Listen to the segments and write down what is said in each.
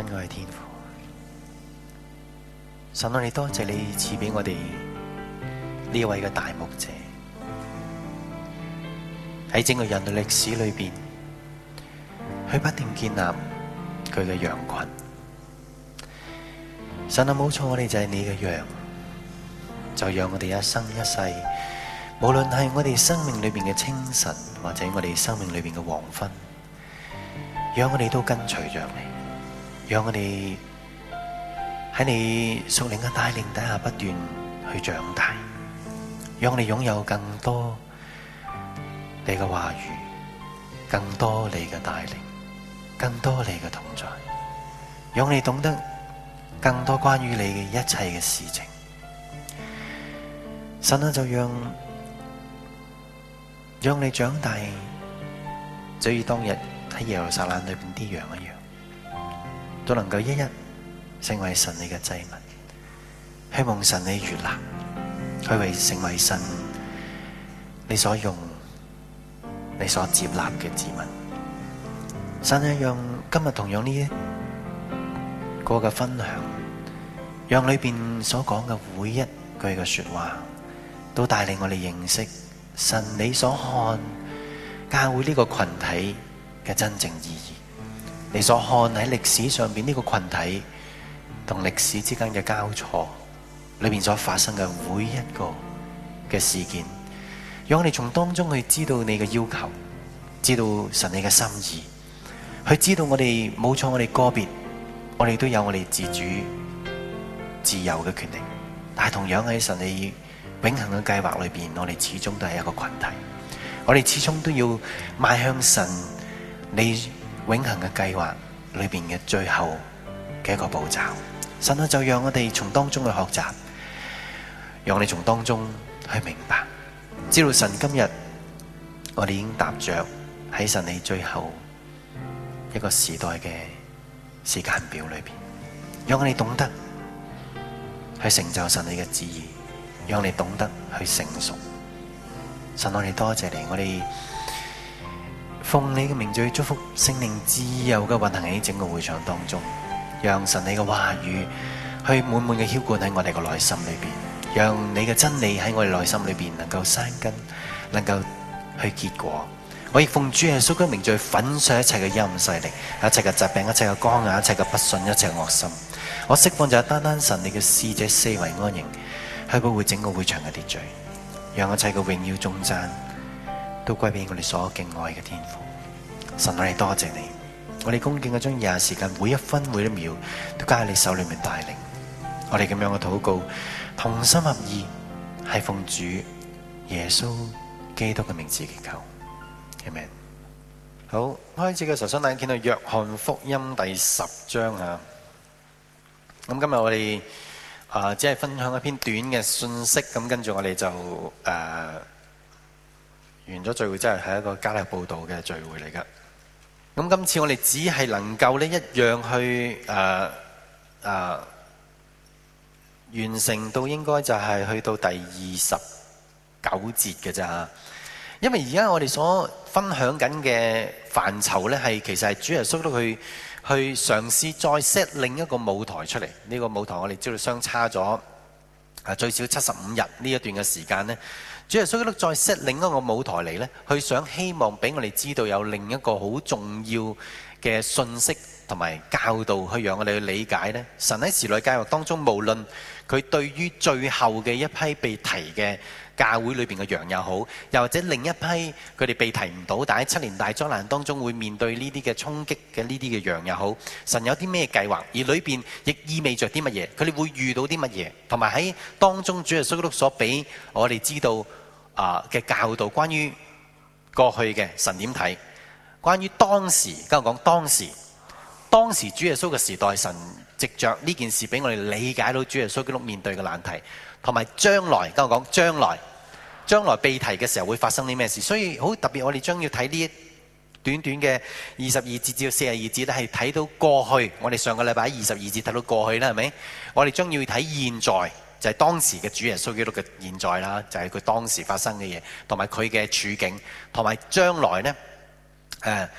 親愛嘅天父，神啊，我哋多謝你賜俾我哋呢位嘅大牧者喺整個人類歷史裏邊，佢不斷建立佢嘅羊群。神啊，冇錯，我哋就係你嘅羊，就讓我哋一生一世，無論係我哋生命裏邊嘅清晨，或者我哋生命裏邊嘅黃昏，讓我哋都跟隨著你。讓我哋喺你屬靈嘅帶領底下不斷去長大，讓我哋擁有更多你嘅話語，更多你嘅帶領，更多你嘅同在，讓我哋懂得更多關於你嘅一切嘅事情。神啊，就讓讓你長大，就如當日喺耶路撒冷裏邊啲羊一樣。都能夠一一成為神你嘅祭物，希望神你悅納，佢為成為神，為神你所用，你所接納嘅子民神一樣，今日同樣呢個嘅分享，讓裏邊所講嘅每一句嘅說話，都帶領我哋認識神你所看教會呢個群體嘅真正意義。你所看喺歷史上邊呢個群體同歷史之間嘅交錯，裏邊所發生嘅每一個嘅事件，讓我哋從當中去知道你嘅要求，知道神你嘅心意，去知道我哋冇錯，我哋個別，我哋都有我哋自主自由嘅權利。但係同樣喺神你永恆嘅計劃裏邊，我哋始終都係一個群體，我哋始終都要邁向神你。永恆嘅計劃裏邊嘅最後嘅一個步驟，神啊，就讓我哋從當中去學習，讓我哋從當中去明白，知道神，今日我哋已經踏着喺神你最後一個時代嘅時間表裏邊，讓我哋懂得去成就神你嘅旨意，讓我哋懂得去成熟，神我哋多謝你，我哋。奉你嘅名在祝福聖靈自由嘅運行喺整個會場當中，讓神你嘅話語去滿滿嘅澆灌喺我哋嘅內心裏邊，讓你嘅真理喺我哋內心裏邊能夠生根，能夠去結果。我亦奉主耶穌嘅名在粉碎一切嘅陰勢力，一切嘅疾病，一切嘅光啊，一切嘅不信，一切嘅惡心。我釋放就係單單神你嘅使者四圍安營，去保護整個會場嘅秩序，讓一切嘅榮耀頌讚，都歸俾我哋所敬愛嘅天父，神啊，我哋多謝你，我哋恭敬嘅將廿時間，每一分每一秒都加喺你手裏面帶領，我哋咁樣嘅禱告，同心合意，係奉主耶穌基督嘅名字祈求，阿門。好，開始嘅時候，大家見到約翰福音第十章啊，咁今日我哋啊，只係分享一篇短嘅信息，咁跟住我哋就誒。完咗聚會真係係一個家庭報道嘅聚會嚟㗎。咁今次我哋只係能夠呢一樣去誒誒、呃呃、完成到應該就係去到第二十九節嘅咋。因為而家我哋所分享緊嘅範疇呢，係其實係主耶穌都去去嘗試再 set 另一個舞台出嚟。呢、這個舞台我哋知道相差咗最少七十五日呢一段嘅時間呢。主耶穌基督再 set 另一個舞台嚟咧，去想希望俾我哋知道有另一個好重要嘅信息同埋教導，去讓我哋去理解咧。神喺時代教育當中，無論佢對於最後嘅一批被提嘅，教會裏邊嘅羊又好，又或者另一批佢哋被提唔到，但喺七年大災難當中會面對呢啲嘅衝擊嘅呢啲嘅羊又好，神有啲咩計劃？而裏邊亦意味着啲乜嘢？佢哋會遇到啲乜嘢？同埋喺當中，主耶穌基督所俾我哋知道啊嘅教導，關於過去嘅神點睇？關於當時，跟我講當時，當時主耶穌嘅時代，神藉着呢件事俾我哋理解到主耶穌基督面對嘅難題，同埋將來，跟我講將來。將來被提嘅時候會發生啲咩事？所以好特別，我哋將要睇呢一短短嘅二十二節至到四十二節，都係睇到過去。我哋上個禮拜二十二節睇到過去啦，係咪？我哋將要睇現在，就係、是、當時嘅主耶穌基督嘅現在啦，就係、是、佢當時發生嘅嘢，同埋佢嘅處境，同埋將來呢誒誒、呃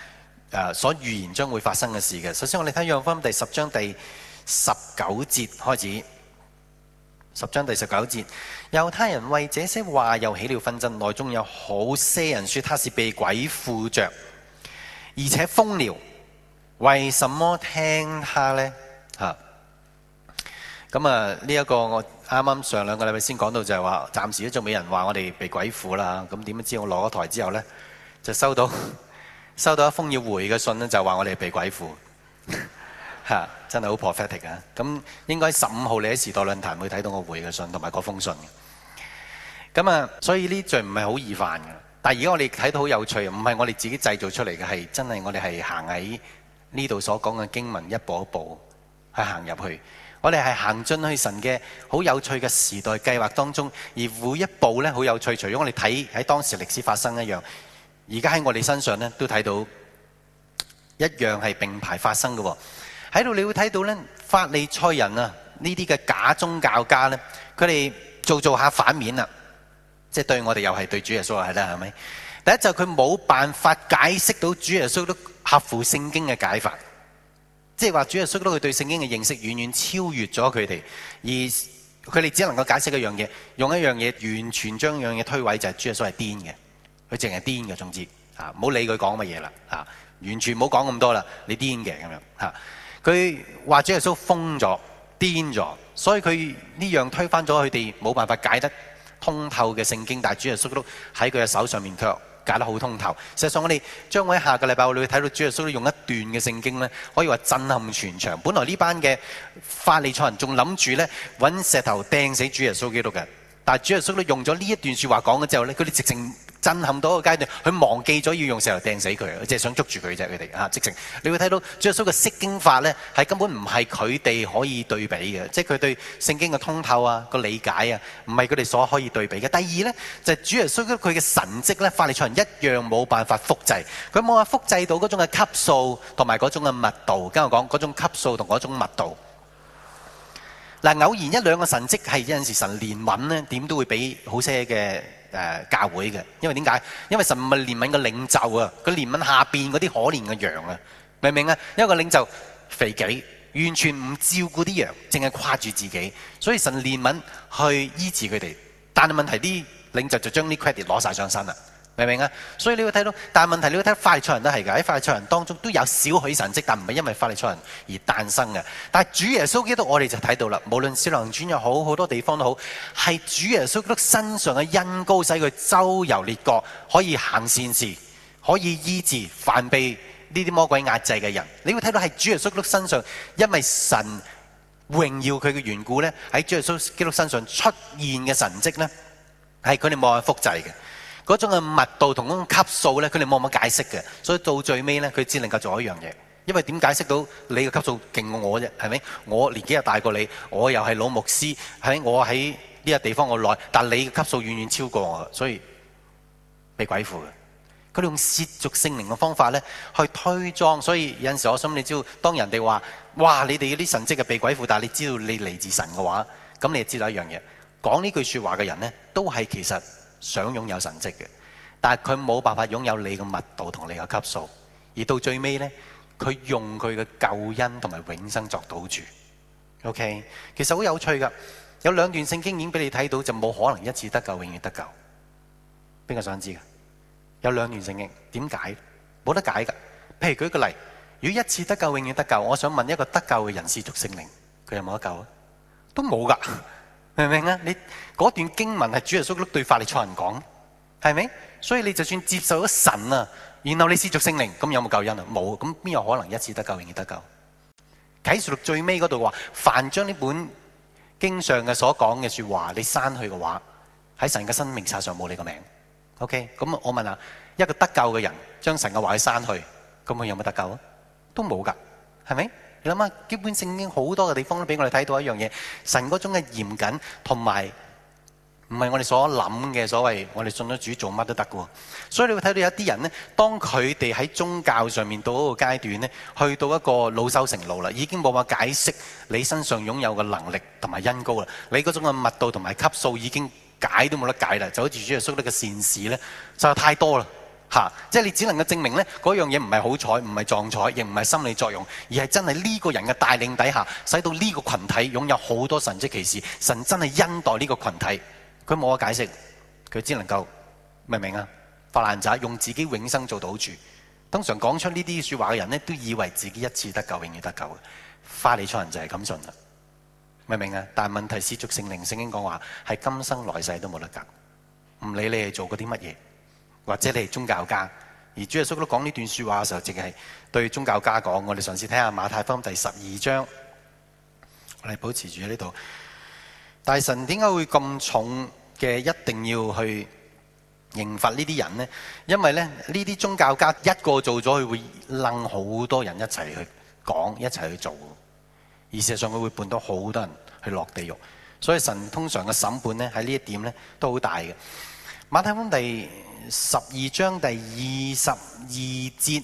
呃、所預言將會發生嘅事嘅。首先，我哋睇《約翰福音》第十章第十九節開始，十章第十九節。猶太人為這些話又起了紛爭，內中有好些人說他是被鬼附着，而且瘋了。為什麼聽他呢？吓，咁啊？呢、這、一個我啱啱上兩個禮拜先講到就，就係話暫時都仲未有人話我哋被鬼附啦。咁點樣知我落咗台之後呢，就收到收到一封要回嘅信呢就話我哋被鬼附。吓、啊。真係好 prophetic 嘅，咁應該十五號你喺時代論壇會睇到我回嘅信同埋嗰封信嘅。咁啊，所以呢聚唔係好易犯嘅，但係而家我哋睇到好有趣，唔係我哋自己製造出嚟嘅，係真係我哋係行喺呢度所講嘅經文一步一步係行入去。我哋係行進去神嘅好有趣嘅時代計劃當中，而每一步呢，好有趣，除咗我哋睇喺當時歷史發生一樣，而家喺我哋身上呢，都睇到一樣係並排發生嘅喎。喺度你會睇到咧，法利賽人啊，呢啲嘅假宗教家咧，佢哋做做下反面啦，即係對我哋又係對主耶穌係啦，係咪？第一就佢冇辦法解釋到主耶穌都合乎聖經嘅解法，即係話主耶穌都佢對聖經嘅認識遠遠超越咗佢哋，而佢哋只能夠解釋一樣嘢，用一樣嘢完全將樣嘢推諉，就係，主耶穌係癲嘅，佢淨係癲嘅，總之吓，唔好理佢講乜嘢啦，吓，完全唔好講咁多啦，你癲嘅咁樣吓。佢話：主耶穌瘋咗、癲咗，所以佢呢樣推翻咗佢哋冇辦法解得通透嘅聖經。但係主耶穌基督喺佢嘅手上面卻解得好通透。實際上我將會，我哋將會喺下個禮拜我哋會睇到主耶穌用一段嘅聖經咧，可以話震撼全場。本來呢班嘅法利賽人仲諗住咧揾石頭掟死主耶穌基督嘅，但係主耶穌基督用咗呢一段話說話講咗之後咧，佢哋直情。震撼到一個階段，佢忘記咗要用石頭掟死佢，即係想捉住佢啫。佢哋啊，即成，你會睇到主耶穌嘅釋經法咧，係根本唔係佢哋可以對比嘅，即係佢對聖經嘅通透啊、個理解啊，唔係佢哋所可以對比嘅。第二咧，就係主耶穌佢嘅神蹟咧，法利賽人一樣冇辦法複製，佢冇法複製到嗰種嘅級數同埋嗰種嘅密度。跟我講嗰種級數同嗰種密度。嗱，偶然一兩個神蹟係有陣時神憐憫咧，點都會俾好些嘅。誒，教會嘅，因為點解？因為神唔係憐憫個領袖啊，佢憐憫下邊嗰啲可憐嘅羊啊，明唔明啊？因為個領袖肥己，完全唔照顧啲羊，淨係誇住自己，所以神憐憫去醫治佢哋，但係問題啲領袖就將啲 credit 攞晒上身啦。明唔明啊？所以你會睇到，但係問題你會睇到，法利賽人都係噶，喺法利賽人當中都有少許神蹟，但唔係因為法利賽人而誕生嘅。但係主耶穌基督，我哋就睇到啦。無論小林村又好，好多地方都好，係主耶穌基督身上嘅恩膏使佢周遊列國，可以行善事，可以醫治凡被呢啲魔鬼壓制嘅人。你會睇到係主耶穌基督身上，因為神榮耀佢嘅緣故呢，喺主耶穌基督身上出現嘅神蹟呢，係佢哋冇法複製嘅。嗰種嘅密度同嗰種級數咧，佢哋冇乜解釋嘅，所以到最尾咧，佢只能夠做一樣嘢，因為點解釋到你嘅級數勁過我啫，係咪？我年紀又大過你，我又係老牧師，喺我喺呢個地方我耐，但你嘅級數遠遠超過我，所以被鬼附嘅。佢哋用褻瀆聖靈嘅方法咧去推裝，所以有陣時我想你知道，當人哋話，哇，你哋嗰啲神跡係被鬼附，但你知道你嚟自神嘅話，咁你就知道一樣嘢，講呢句說話嘅人咧，都係其實。想擁有神蹟嘅，但係佢冇辦法擁有你嘅密度同你嘅級數，而到最尾呢，佢用佢嘅救恩同埋永生作賭注。OK，其實好有趣噶，有兩段聖經已經俾你睇到，就冇可能一次得救永遠得救。邊個想知噶？有兩段聖經，點解？冇得解噶。譬如舉個例，如果一次得救永遠得救，我想問一個得救嘅人士屬聖靈，佢有冇得救啊？都冇噶。 明唔明啊？你嗰段經文係主耶穌碌對法利賽人講，係咪？所以你就算接受咗神啊，然後你施咗聖靈，咁有冇救恩啊？冇，咁邊有可能一次得救，永遠得救？啟示錄最尾嗰度話：凡將呢本經上嘅所講嘅說話，你刪去嘅話，喺神嘅生命冊上冇你個名。OK，咁我問下：一個得救嘅人，將神嘅話去刪去，咁佢有冇得救啊？都冇噶，係咪？你諗下，基本聖經好多嘅地方都俾我哋睇到一樣嘢，神嗰種嘅嚴謹同埋，唔係我哋所諗嘅，所謂我哋信咗主做乜都得喎。所以你會睇到有一啲人呢，當佢哋喺宗教上面到嗰個階段呢，去到一個老修成路啦，已經冇法解釋你身上擁有嘅能力同埋恩膏啦，你嗰種嘅密度同埋級數已經解都冇得解啦，就好似主耶穌呢個善事呢，就太多啦。吓、啊，即係你只能夠證明呢嗰樣嘢唔係好彩，唔係撞彩，亦唔係心理作用，而係真係呢個人嘅帶領底下，使到呢個群體擁有好多神蹟奇事。神真係恩待呢個群體，佢冇得解釋，佢只能夠明唔明啊？發爛渣，用自己永生做賭注。通常講出呢啲說話嘅人呢，都以為自己一次得救，永遠得救。法利賽人就係咁信啦，明唔明啊？但係問題是，褻瀆聖靈、聖經講話，係今生來世都冇得救，唔理你哋做過啲乜嘢。或者你係宗教家，而主耶穌都講呢段說話嘅時候，淨係對宗教家講。我哋嘗試聽下馬太福音第十二章，我哋保持住喺呢度。大神點解會咁重嘅？一定要去刑罰呢啲人呢？因為呢呢啲宗教家一個做咗，佢會掹好多人一齊去講，一齊去做，而事實上佢會判到好多人去落地獄。所以神通常嘅審判呢，喺呢一點呢都好大嘅。馬太福音第。十二章第二十二節，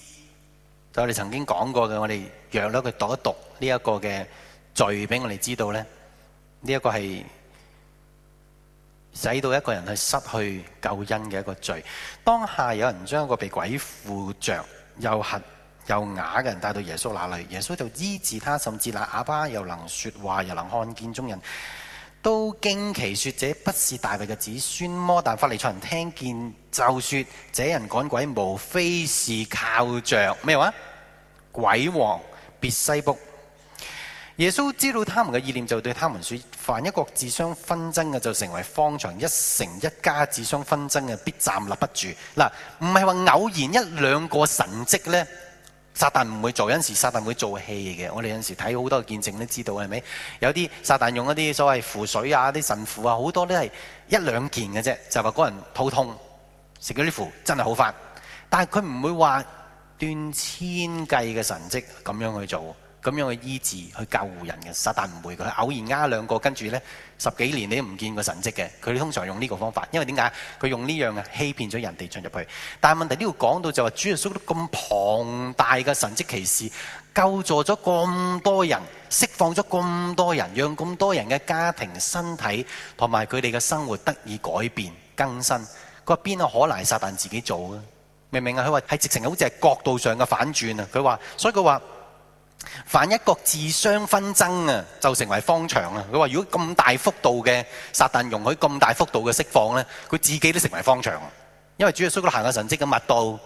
就我哋曾經講過嘅，我哋讓咗佢讀一讀呢一個嘅罪，俾我哋知道呢，呢、這、一個係使到一個人去失去救恩嘅一個罪。當下有人將一個被鬼附着又瞎又啞嘅人帶到耶穌那裡，耶穌就醫治他，甚至那啞巴又能說話，又能看見眾人。都驚奇說：這不是大衛嘅子孫麼？但法利賽人聽見就說：這人趕鬼，無非是靠着，咩話，鬼王別西卜。耶穌知道他們嘅意念，就對他們說：凡一國自相紛爭嘅，就成為荒場，一城一家自相紛爭嘅，必站立不住。嗱，唔係話偶然一兩個神蹟呢。撒旦唔會做，有陣時撒旦會做戲嘅。我哋有陣時睇好多見證都知道，係咪有啲撒旦用一啲所謂符水啊、啲神符啊，好多都係一兩件嘅啫，就話嗰人肚痛，食咗啲符真係好快。但係佢唔會話斷千計嘅神跡咁樣去做。咁樣去醫治、去救護人嘅撒旦唔會，佢偶然呃兩個，跟住呢十幾年你都唔見個神蹟嘅。佢哋通常用呢個方法，因為點解佢用呢樣嘅欺騙咗人哋進入去。但係問題呢度講到就話、是、主耶穌都咁龐大嘅神蹟奇事救助咗咁多人，釋放咗咁多人，讓咁多人嘅家庭、身體同埋佢哋嘅生活得以改變更新。佢話邊有可能係撒旦自己做啊？明唔明啊？佢話係直情好似係角度上嘅反轉啊！佢話，所以佢話。凡一國自相紛爭啊，就成為方場啊。佢話，如果咁大幅度嘅撒旦容許咁大幅度嘅釋放咧，佢自己都成為方場。因為主耶穌嗰個行嘅神跡嘅密度，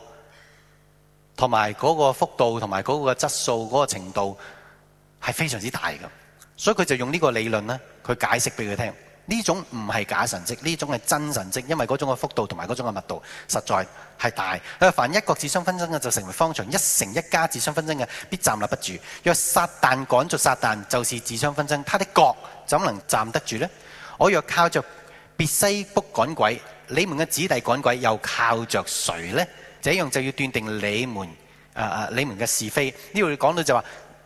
同埋嗰個幅度，同埋嗰個質素，嗰個程度係非常之大嘅。所以佢就用呢個理論咧，佢解釋俾佢聽。呢種唔係假神跡，呢種係真神跡，因為嗰種嘅幅度同埋嗰種嘅密度，實在係大。凡一國自相紛爭嘅，就成為荒場；一城一家自相紛爭嘅，必站立不住。若撒但趕著撒但，就是自相紛爭，他的國怎能站得住呢？我若靠著別西卜趕鬼，你們嘅子弟趕鬼又靠着誰呢？這樣就要斷定你們啊啊！你們嘅是非。呢度講到就話，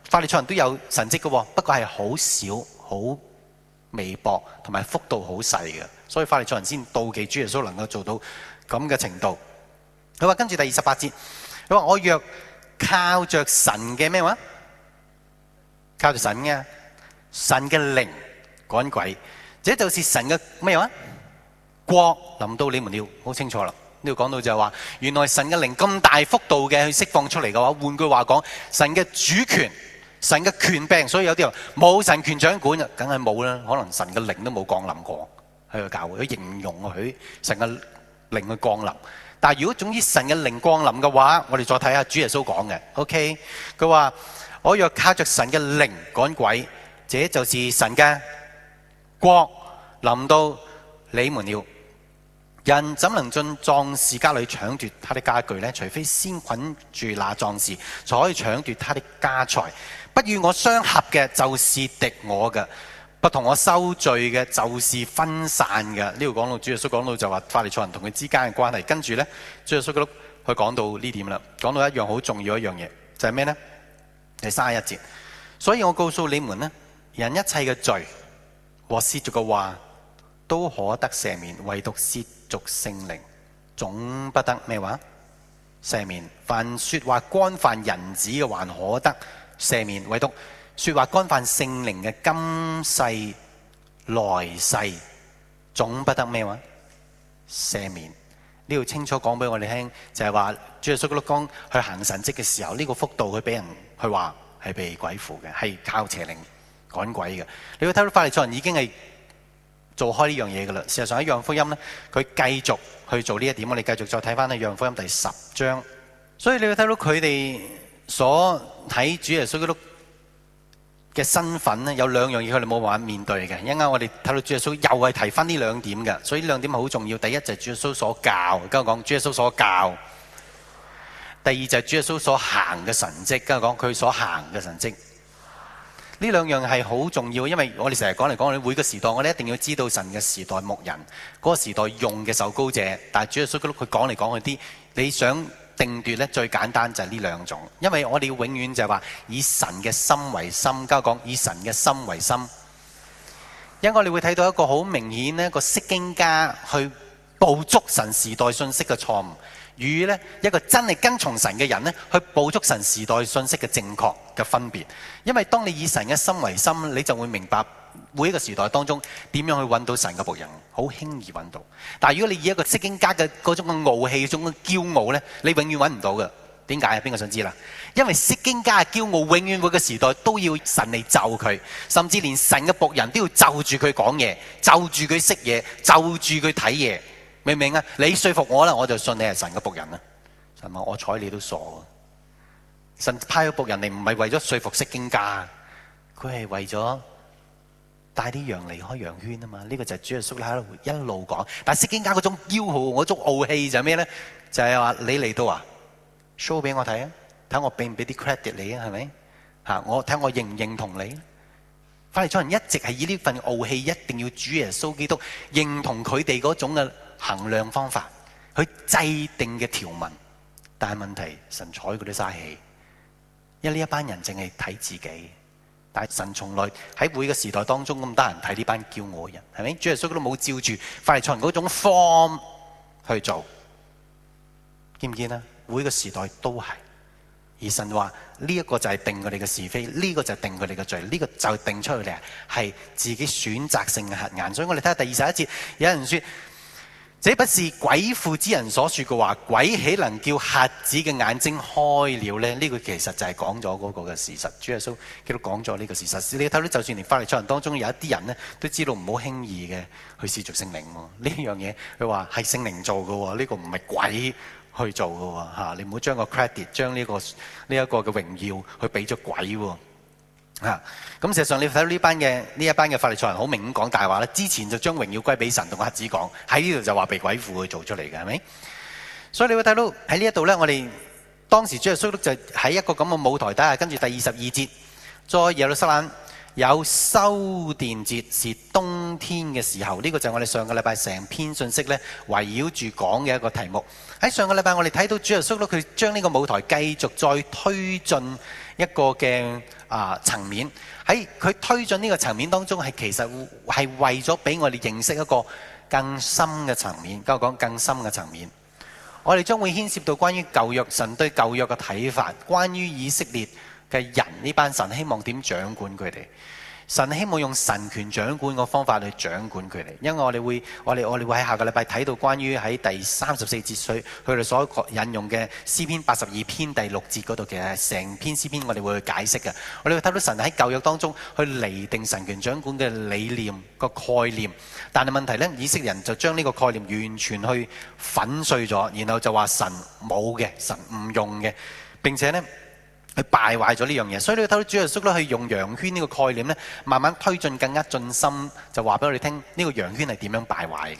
法利賽人都有神跡嘅，不過係好少好。微薄同埋幅度好細嘅，所以法利賽人先妒忌主耶穌能夠做到咁嘅程度。佢話跟住第二十八節，佢話，我若靠着神嘅咩話？靠着神嘅神嘅靈趕鬼，這就是神嘅咩話？國臨到你們，要好清楚啦。呢度講到就係話，原來神嘅靈咁大幅度嘅去釋放出嚟嘅話，換句話講，神嘅主權，神嘅權柄，所以有啲人話冇神權掌管啊，梗係冇啦。可能神嘅靈都冇降臨過喺個教會，佢唔容許神嘅靈去降臨。但係如果總之神嘅靈降臨嘅話，我哋再睇下主耶穌講嘅，OK？佢話：我若靠着神嘅靈趕鬼，這就是神嘅國臨到你們了。人怎能進壯士家裏搶奪他的家具呢？除非先捆住那壯士，才可以搶奪他的家財。不與我相合嘅就是敵我嘅；不同我收罪嘅就是分散嘅。呢度講到主耶穌講到就話法利賽人同佢之間嘅關係。跟住呢，主耶穌佢講到呢點啦，講到一樣好重要的一樣嘢，就係、是、咩呢？第三十一節。所以我告訴你們呢，人一切嘅罪和褻瀆嘅話，都可得赦免；唯獨褻屬聖靈，總不得咩話？赦免，凡說話干犯人子嘅，還可得赦免；唯獨說話干犯聖靈嘅，今世、來世總不得咩話？赦免。呢度清楚講俾我哋聽，就係、是、話主耶穌基督光去行神蹟嘅時候，呢、這個幅度佢俾人去話係被鬼附嘅，係靠邪靈趕鬼嘅。你會睇到法利賽人已經係。做開呢樣嘢噶啦，事實上喺《約翰福音》咧，佢繼續去做呢一點。我哋繼續再睇翻呢約翰福音》第十章，所以你會睇到佢哋所睇主耶穌基督嘅身份咧，有兩樣嘢佢哋冇辦法面對嘅。一啱我哋睇到主耶穌又係提翻呢兩點嘅，所以呢兩點好重要。第一就係主耶穌所教，跟住講主耶穌所教；第二就係主耶穌所行嘅神蹟，跟住講佢所行嘅神蹟。呢兩樣係好重要，因為我哋成日講嚟講去，每個時代我哋一定要知道神嘅時代牧人嗰個時代用嘅受膏者，但係主要佢講嚟講去啲你想定奪咧，最簡單就係呢兩種，因為我哋要永遠就係話以神嘅心為心，交講以神嘅心為心，因為我哋會睇到一個好明顯咧，一個釋經家去捕捉神時代信息嘅錯誤。與咧一個真係跟從神嘅人咧，去捕捉神時代信息嘅正確嘅分別。因為當你以神嘅心為心，你就會明白每一個時代當中點樣去揾到神嘅僕人，好輕易揾到。但係如果你以一個釋經家嘅嗰種傲氣、種嘅驕傲咧，你永遠揾唔到嘅。點解啊？邊個想知啦？因為釋經家嘅驕傲，永遠每個時代都要神嚟就佢，甚至連神嘅僕人都要就住佢講嘢，就住佢識嘢，就住佢睇嘢。明唔明啊？你說服我啦，我就信你係神嘅僕人啊。神話我睬你都傻。神派個僕人嚟唔係為咗說服釋經家，佢係為咗帶啲羊離開羊圈啊嘛。呢、這個就係主耶穌喺度一路講。但係釋經家嗰種驕傲、嗰種傲氣就係咩咧？就係、是、話你嚟到啊，show 俾我睇啊，睇我俾唔俾啲 credit 你啊，係咪？吓，我睇我認唔認同你？法利賽人一直係以呢份傲氣，一定要主耶穌基督認同佢哋嗰種嘅。衡量方法，去制定嘅條文，但係問題，神睬佢啲嘥氣，因呢一班人淨係睇自己，但係神從來喺每個時代當中咁多人睇呢班驕傲人，係咪？主耶穌都冇照住法利賽人嗰種 form 去做，見唔見啊？每個時代都係，而神話呢一個就係定佢哋嘅是非，呢、這個就係定佢哋嘅罪，呢、這個就是定出嚟嘅係自己選擇性嘅核眼。所以我哋睇下第二十一節，有人說。這不是鬼附之人所說嘅話，鬼豈能叫瞎子嘅眼睛開了呢？呢個其實就係講咗嗰個嘅事實。主耶穌，基督都講咗呢個事實。你睇到就算連法利賽人當中有一啲人呢，都知道唔好輕易嘅去試著聖靈喎。呢樣嘢佢話係聖靈做嘅，呢個唔係鬼去做嘅喎。吓，你唔好將個 credit 將呢個呢一個嘅榮耀去俾咗鬼喎。嚇！咁實際上你睇到呢班嘅呢一班嘅法利賽人好明顯講大話啦。之前就將榮耀歸俾神同阿子講，喺呢度就話被鬼附佢做出嚟嘅，係咪？所以你會睇到喺呢一度呢，我哋當時主耶穌就喺一個咁嘅舞台底下，跟住第二十二節，再入到耶路撒冷有修殿節，是冬天嘅時候。呢、這個就係我哋上個禮拜成篇信息呢，圍繞住講嘅一個題目。喺上個禮拜我哋睇到主耶穌咧，佢將呢個舞台繼續再推進一個嘅。啊！層面。喺佢推進呢個層面當中，係其實係為咗俾我哋認識一個更深嘅層面。跟我講更深嘅層面，我哋將會牽涉到關於舊約神對舊約嘅睇法，關於以色列嘅人呢班神希望點掌管佢哋。神希望用神權掌管個方法去掌管佢哋，因為我哋會，我哋我哋會喺下個禮拜睇到關於喺第三十四節水，佢哋所引用嘅詩篇八十二篇第六節嗰度，其實係成篇詩篇我哋會去解釋嘅。我哋會睇到神喺舊約當中去厘定神權掌管嘅理念、個概念，但係問題呢，以色列人就將呢個概念完全去粉碎咗，然後就話神冇嘅，神唔用嘅，並且呢去敗壞咗呢樣嘢，所以你個睇啲主耶穌咧，去用羊圈呢個概念呢，慢慢推進更加進深，就話俾我哋聽呢、這個羊圈係點樣敗壞嘅。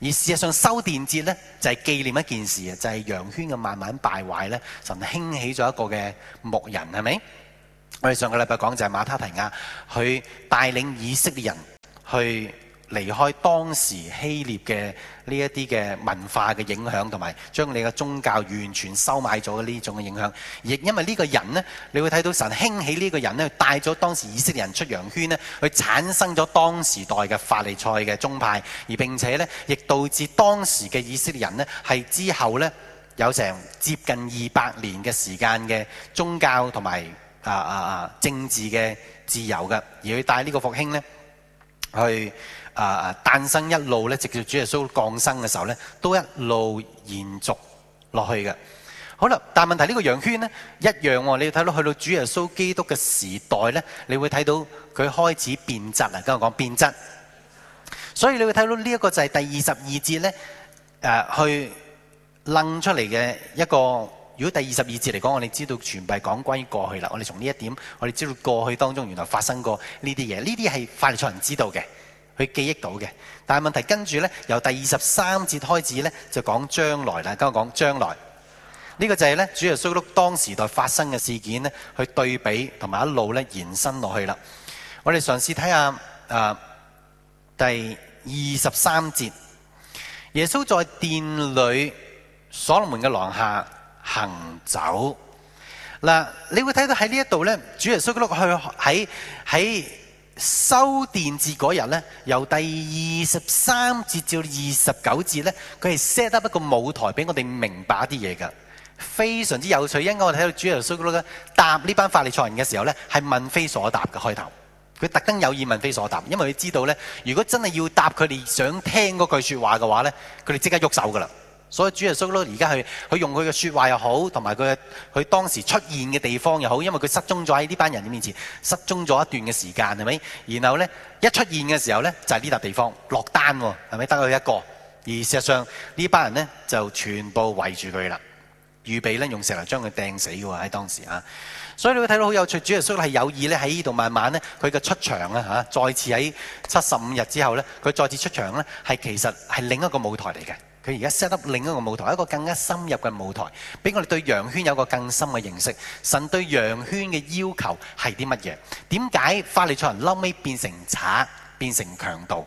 而事實上，修殿節呢，就係、是、紀念一件事啊，就係、是、羊圈嘅慢慢敗壞呢，神興起咗一個嘅牧人，係咪？我哋上個禮拜講就係、是、馬他提亞，佢帶領以色列人去。離開當時希臘嘅呢一啲嘅文化嘅影響，同埋將你嘅宗教完全收買咗嘅呢種嘅影響，亦因為呢個人呢，你會睇到神興起呢個人呢，帶咗當時以色列人出羊圈呢，去產生咗當時代嘅法利賽嘅宗派，而並且呢，亦導致當時嘅以色列人呢，係之後呢，有成接近二百年嘅時間嘅宗教同埋啊啊啊政治嘅自由嘅，而佢帶呢個復興呢，去。啊！啊！誕生一路咧，直接主耶穌降生嘅時候咧，都一路延續落去嘅。好啦，但問問題呢個羊圈呢一樣，哦，你要睇到去到主耶穌基督嘅時代咧，你會睇到佢開始變質啊！跟我講變質，所以你會睇到呢一個就係第二十二節咧，呃，去掹出嚟嘅一個。如果第二十二節嚟講，我哋知道全部係講關於過去啦。我哋從呢一點，我哋知道過去當中原來發生過呢啲嘢，呢啲係法利賽人知道嘅。佢記憶到嘅，但係問題跟住呢，由第二十三節開始呢，就講將來啦。剛講將來，呢、這個就係呢，主耶穌基督當時代發生嘅事件呢，去對比同埋一路呢延伸落去啦。我哋嘗試睇下誒、呃、第二十三節，耶穌在殿裏所羅門嘅廊下行走。嗱、呃，你會睇到喺呢一度呢，主耶穌基督去喺喺。修殿節嗰日呢，由第二十三節至二十九節呢，佢係 set 得一個舞台俾我哋明白啲嘢㗎。非常之有趣。因為我哋睇到主耶穌基督答呢班法利賽人嘅時候呢，係問非所答嘅開頭，佢特登有意問非所答，因為佢知道呢，如果真係要答佢哋想聽嗰句說話嘅話呢，佢哋即刻喐手噶啦。所以主耶穌咧，而家佢佢用佢嘅說話又好，同埋佢佢當時出現嘅地方又好，因為佢失蹤咗喺呢班人嘅面前，失蹤咗一段嘅時間，係咪？然後呢，一出現嘅時候呢，就係呢笪地方落單喎，係咪得佢一個？而事實上呢班人呢，就全部圍住佢啦，預備呢，用石頭將佢掟死喎，喺當時啊！所以你會睇到好有趣，主耶穌係有意呢喺呢度慢慢呢，佢嘅出場呢，再次喺七十五日之後呢，佢再次出場呢，係其實係另一個舞台嚟嘅。佢而家 set up 另一個舞台，一個更加深入嘅舞台，俾我哋對羊圈有個更深嘅認識。神對羊圈嘅要求係啲乜嘢？點解法利賽人後尾變成賊變成強盜？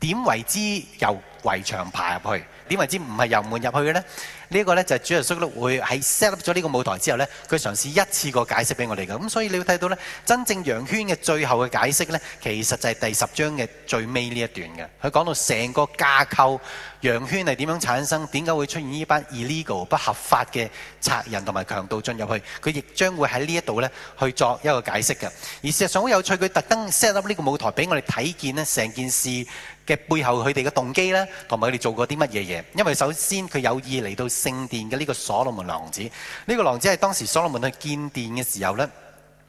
點為之由圍牆爬入去？點為之唔係由門入去嘅呢？呢個呢，這個、就係主耶穌會喺 set up 咗呢個舞台之後呢，佢嘗試一次過解釋俾我哋嘅。咁所以你要睇到呢，真正羊圈嘅最後嘅解釋呢，其實就係第十章嘅最尾呢一段嘅。佢講到成個架構羊圈係點樣產生？點解會出現呢班 illegal 不合法嘅賊人同埋強盜進入去？佢亦將會喺呢一度呢去作一個解釋嘅。而事實上好有趣，佢特登 set up 呢個舞台俾我哋睇見呢成件事。嘅背後佢哋嘅動機呢，同埋佢哋做過啲乜嘢嘢？因為首先佢有意嚟到聖殿嘅呢個所羅門廊子，呢、這個廊子係當時所羅門去建殿嘅時候呢。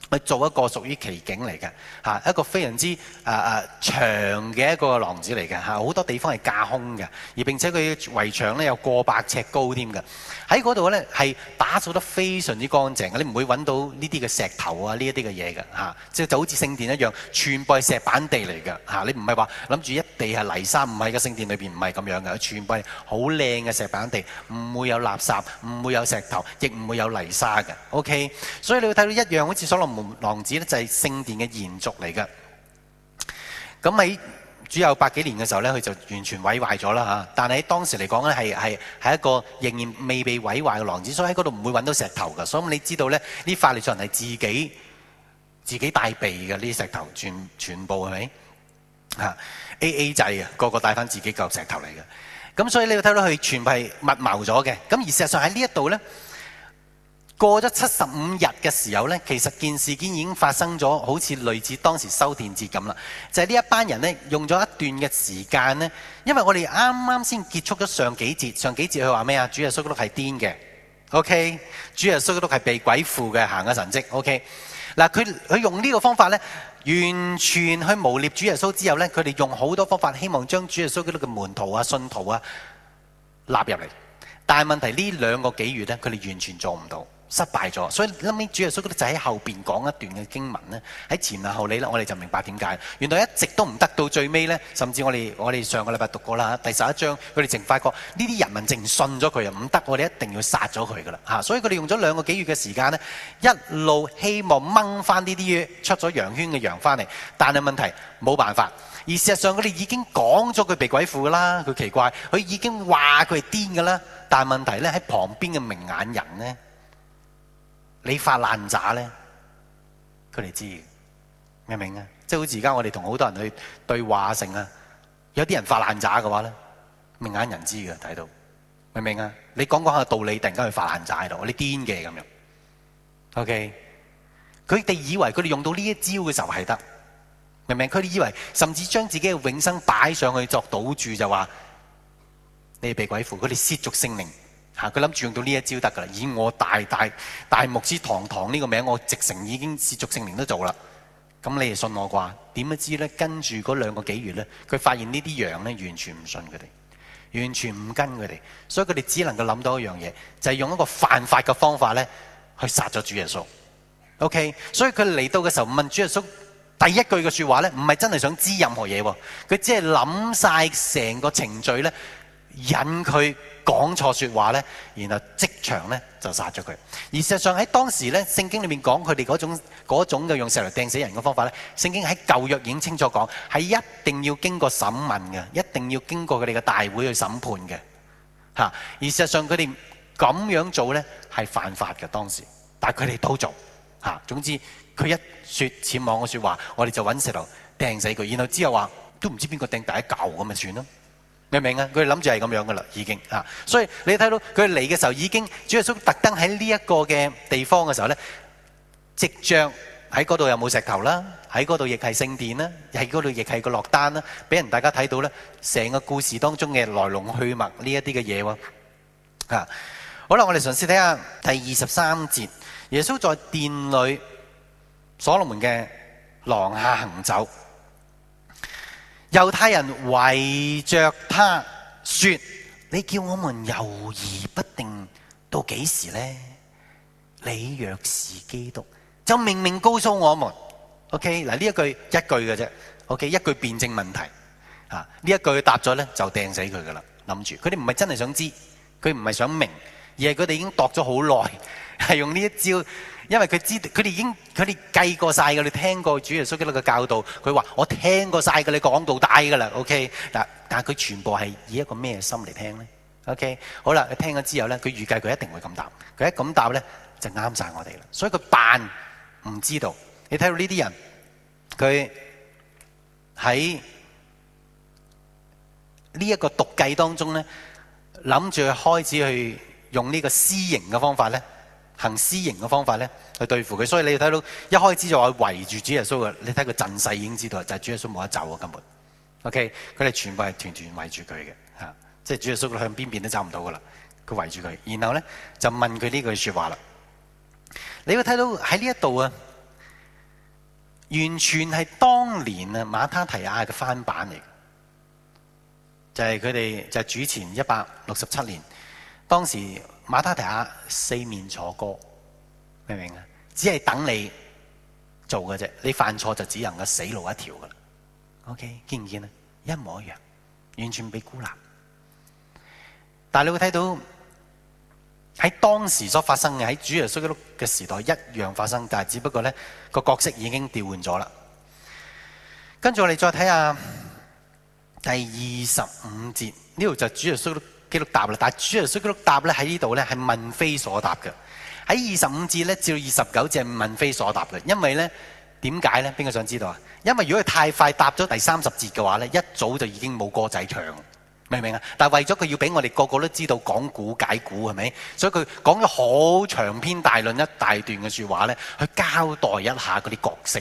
咪做一個屬於奇景嚟嘅嚇，一個非常之誒誒、呃、長嘅一個廊子嚟嘅嚇，好多地方係架空嘅，而並且佢圍牆咧有過百尺高添嘅，喺嗰度咧係打掃得非常之乾淨，你唔會揾到呢啲嘅石頭啊呢一啲嘅嘢嘅嚇，即係、啊、就，就好似聖殿一樣，全部係石板地嚟嘅。嚇、啊，你唔係話諗住一地係泥沙，唔係嘅聖殿裏邊唔係咁樣嘅，全部係好靚嘅石板地，唔會有垃圾，唔會有石頭，亦唔會有泥沙嘅。OK，所以你會睇到一樣好似所狼子咧就係聖殿嘅延續嚟噶，咁喺主有百幾年嘅時候咧，佢就完全毀壞咗啦吓。但係喺當時嚟講咧，係係係一個仍然未被毀壞嘅狼子，所以喺嗰度唔會揾到石頭噶。所以你知道咧，啲法利賽人係自己自己帶備嘅呢啲石頭，全全部係咪吓？A A 制嘅，個個帶翻自己嚿石頭嚟嘅。咁所以你睇到佢全部係密謀咗嘅。咁而事實上喺呢一度咧。過咗七十五日嘅時候呢，其實件事件已經發生咗，好似類似當時修殿節咁啦。就係、是、呢一班人呢，用咗一段嘅時間呢，因為我哋啱啱先結束咗上幾節，上幾節佢話咩啊？主耶穌基督係癲嘅，OK。主耶穌基督係被鬼附嘅，行嘅神蹟，OK。嗱，佢佢用呢個方法呢，完全去污蔑主耶穌之後呢，佢哋用好多方法希望將主耶穌基督嘅門徒啊、信徒啊納入嚟。但係問題呢兩個幾月呢，佢哋完全做唔到。失敗咗，所以臨尾主耶穌嗰啲就喺後邊講一段嘅經文呢喺前後後裏啦，我哋就明白點解。原來一直都唔得到最尾呢，甚至我哋我哋上個禮拜讀過啦，第十一章佢哋淨發覺呢啲人民淨信咗佢啊，唔得，我哋一定要殺咗佢噶啦嚇。所以佢哋用咗兩個幾月嘅時間呢，一路希望掹翻呢啲出咗羊圈嘅羊翻嚟，但係問題冇辦法。而事實上佢哋已經講咗佢被鬼附噶啦，佢奇怪，佢已經話佢係癲噶啦，但係問題呢，喺旁邊嘅明眼人呢。你發爛渣咧，佢哋知嘅，明唔明啊？即係好似而家我哋同好多人去對話性啊，有啲人發爛渣嘅話咧，明眼人知嘅睇到，明唔明啊？你講講下道理，突然間去發爛渣喺度，你癲嘅咁樣。O K，佢哋以為佢哋用到呢一招嘅時候係得，明唔明？佢哋以為甚至將自己嘅永生擺上去作賭注，就話你被鬼附，佢哋褻瀆聖靈。佢諗住用到呢一招得噶啦！以我大大大牧師堂堂呢個名，我直成已經是逐聖年都做啦。咁你哋信我啩？點不知呢？跟住嗰兩個幾月呢，佢發現呢啲羊呢，完全唔信佢哋，完全唔跟佢哋，所以佢哋只能夠諗到一樣嘢，就係用一個犯法嘅方法呢去殺咗主耶穌。OK，所以佢嚟到嘅時候，問主耶穌第一句嘅說話呢，唔係真係想知任何嘢，佢只係諗晒成個程序呢。」引佢講錯說話呢，然後即場呢就殺咗佢。而事實上喺當時呢，聖經裏面講佢哋嗰種嗰種嘅用石頭掟死人嘅方法呢，聖經喺舊約已經清楚講係一定要經過審問嘅，一定要經過佢哋嘅大會去審判嘅，吓、啊、而事實上佢哋咁樣做呢係犯法嘅，當時，但佢哋都做嚇、啊。總之佢一說僭妄嘅說話，我哋就揾石頭掟死佢，然後之後話都唔知邊個掟第一嚿咁咪算咯。明唔明啊？佢諗住係咁樣噶啦，已經啊！所以你睇到佢嚟嘅時候，已經主耶穌特登喺呢一個嘅地方嘅時候咧，即將喺嗰度有冇石頭啦？喺嗰度亦係聖殿啦，喺嗰度亦係個落單啦，俾人大家睇到咧，成個故事當中嘅來龍去脈呢一啲嘅嘢喎。好啦，我哋嘗試睇下第二十三節，耶穌在殿裏所羅門嘅廊下行走。猶太人圍着他說：你叫我們猶豫不定到幾時呢？你若是基督，就明明告訴我們。OK，嗱呢一句一句嘅啫。OK，一句辯證問題。啊，呢一句答咗呢，就掟死佢噶啦，諗住佢哋唔係真係想知，佢唔係想明，而係佢哋已經度咗好耐，係用呢一招。因為佢知佢哋已經佢哋計過晒噶，你聽過主耶穌基督嘅教導，佢話我聽過晒噶，你講到大噶啦。O K 嗱，但係佢全部係以一個咩心嚟聽咧？O K 好啦，佢聽咗之後咧，佢預計佢一定會咁答，佢一咁答咧就啱晒我哋啦。所以佢扮唔知道。你睇到呢啲人，佢喺呢一個毒計當中咧，諗住開始去用呢個私刑嘅方法咧。行私刑嘅方法咧，去對付佢，所以你要睇到一開始就話圍住主耶穌嘅。你睇佢陣勢已經知道，就係、是、主耶穌冇得走啊。根本。OK，佢哋全部係團團圍住佢嘅，嚇，即係主耶穌向邊邊都走唔到㗎啦。佢圍住佢，然後咧就問佢呢句說話啦。你會睇到喺呢一度啊，完全係當年啊馬塔提亞嘅翻版嚟嘅，就係佢哋就係、是、主前一百六十七年，當時。馬他提亞四面楚歌，明唔明啊？只係等你做嘅啫，你犯錯就只能夠死路一條噶啦。OK，見唔見啊？一模一樣，完全被孤立。但係你會睇到喺當時所發生嘅喺主耶穌嘅時代一樣發生，但係只不過咧個角色已經調換咗啦。跟住我哋再睇下第二十五節，呢度就主耶穌基督答啦，但係主耶穌基督答咧，喺呢度咧係問非所答嘅。喺二十五至咧至二十九節係問非所答嘅，因為咧點解咧？邊個想知道啊？因為如果佢太快答咗第三十節嘅話咧，一早就已經冇歌仔唱，明唔明啊？但係為咗佢要俾我哋個個都知道講古解古係咪？所以佢講咗好長篇大論一大段嘅說話咧，去交代一下嗰啲角色，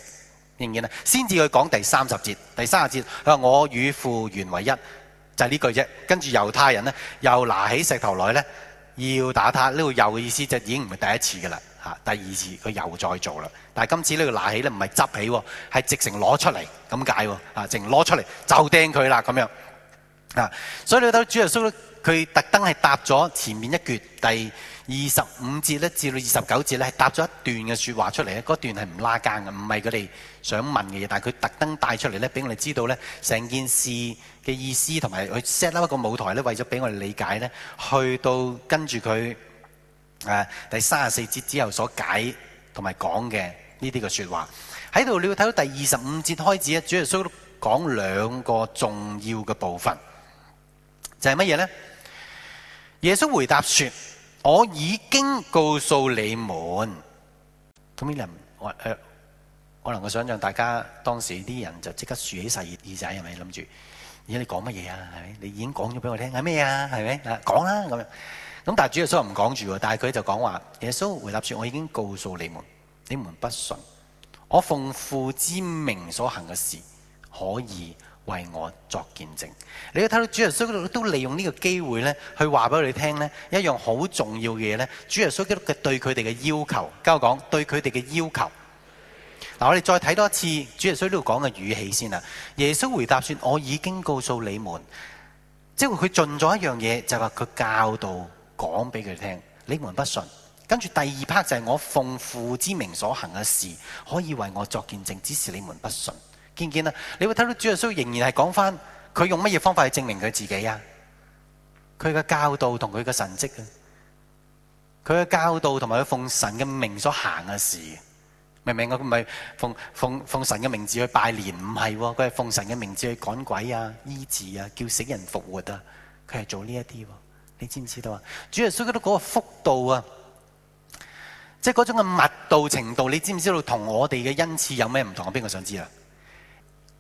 應唔應啊？先至去講第三十節，第三十節佢話我與父原為一。就係呢句啫，跟住猶太人呢又拿起石頭來呢要打他。呢個又嘅意思就已經唔係第一次嘅啦，嚇，第二次佢又再做啦。但係今次呢個拿起呢唔係執起喎，係直情攞出嚟咁解喎，直情攞出嚟就掟佢啦咁樣啊。所以你睇主耶穌呢，佢特登係搭咗前面一橛第。二十五節咧至到二十九節咧，係搭咗一段嘅說話出嚟咧。嗰段係唔拉更嘅，唔係佢哋想問嘅嘢，但係佢特登帶出嚟咧，俾我哋知道咧，成件事嘅意思同埋佢 set up 一個舞台咧，為咗俾我哋理解咧，去到跟住佢誒第三十四節之後所解同埋講嘅呢啲嘅說話。喺度你會睇到第二十五節開始咧，主耶穌都講兩個重要嘅部分，就係乜嘢咧？耶穌回答說。我已經告訴你們，咁呢我誒，我能夠想象大家當時啲人就即刻豎起晒耳仔，係咪諗住而家你講乜嘢啊？係咪你已經講咗俾我聽係咩啊？係咪啊，講啦咁樣咁，但係主耶穌唔講住，但係佢就講話耶穌回答說：我已經告訴你們，你們不信。我奉父之名所行嘅事可以。為我作見證，你去睇到主耶穌基督都利用呢個機會呢，去話俾我哋聽呢，一樣好重要嘅嘢呢。主耶穌基督嘅對佢哋嘅要求，交我講，對佢哋嘅要求。嗱，我哋再睇多一次主耶穌基督講嘅語氣先啦。耶穌回答說：我已經告訴你們，即係佢盡咗一樣嘢，就係、是、佢教導講俾佢聽，你們不信。跟住第二 part 就係我奉父之名所行嘅事，可以為我作見證，只是你們不信。見見啦，你會睇到主耶穌仍然係講翻佢用乜嘢方法去證明佢自己啊？佢嘅教導同佢嘅神迹啊，佢嘅教導同埋佢奉神嘅命所行嘅事，明唔明啊？佢唔係奉奉奉神嘅名字去拜年，唔係喎，佢係奉神嘅名字去趕鬼啊、醫治啊、叫死人復活啊。佢係做呢一啲喎。你知唔知道啊？主耶穌嗰度嗰個幅度啊，即係嗰種嘅密度程度，你知唔知道同我哋嘅恩賜有咩唔同啊？邊個想知啊？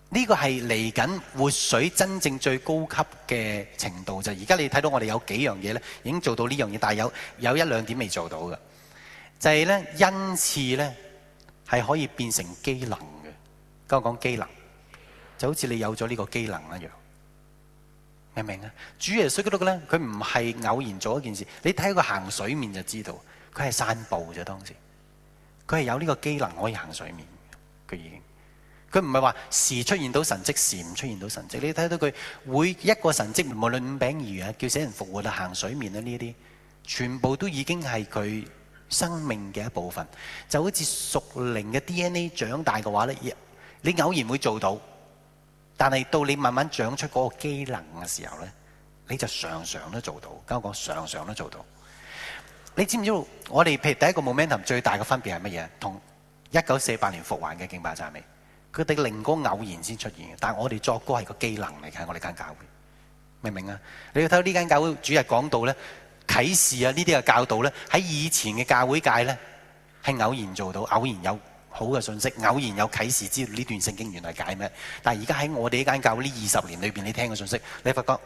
呢、這個係嚟緊活水真正最高級嘅程度。就而家你睇到我哋有幾樣嘢咧已經做到呢樣嘢，但係有有一兩點未做到嘅，就係、是、咧恩賜咧係可以變成機能嘅。跟我講，機能就好似你有咗呢個機能一樣，明唔明啊？主耶穌嗰度咧，佢唔係偶然做一件事，你睇佢行水面就知道，佢係散步啫。當時佢係有呢個機能可以行水面，佢已經。佢唔係話時出現到神蹟，時唔出現到神蹟。你睇到佢每一個神蹟，無論五餅二魚啊，叫死人復活啦，行水面啦呢啲，全部都已經係佢生命嘅一部分。就好似熟齡嘅 DNA 長大嘅話呢，你偶然會做到，但係到你慢慢長出嗰個機能嘅時候呢，你就常常都做到。跟我講常常都做到。你知唔知道我哋譬如第一個 momentum 最大嘅分別係乜嘢？同一九四八年復活嘅敬拜讚美？佢哋靈歌偶然先出現嘅，但係我哋作歌係個機能嚟嘅，我哋間教會明唔明啊？你要睇到呢間教會主日講道咧，啟示啊呢啲嘅教導咧，喺以前嘅教會界咧係偶然做到，偶然有好嘅信息，偶然有啟示知道呢段聖經原來解咩？但係而家喺我哋呢間教會呢二十年裏邊，你聽嘅信息，你發覺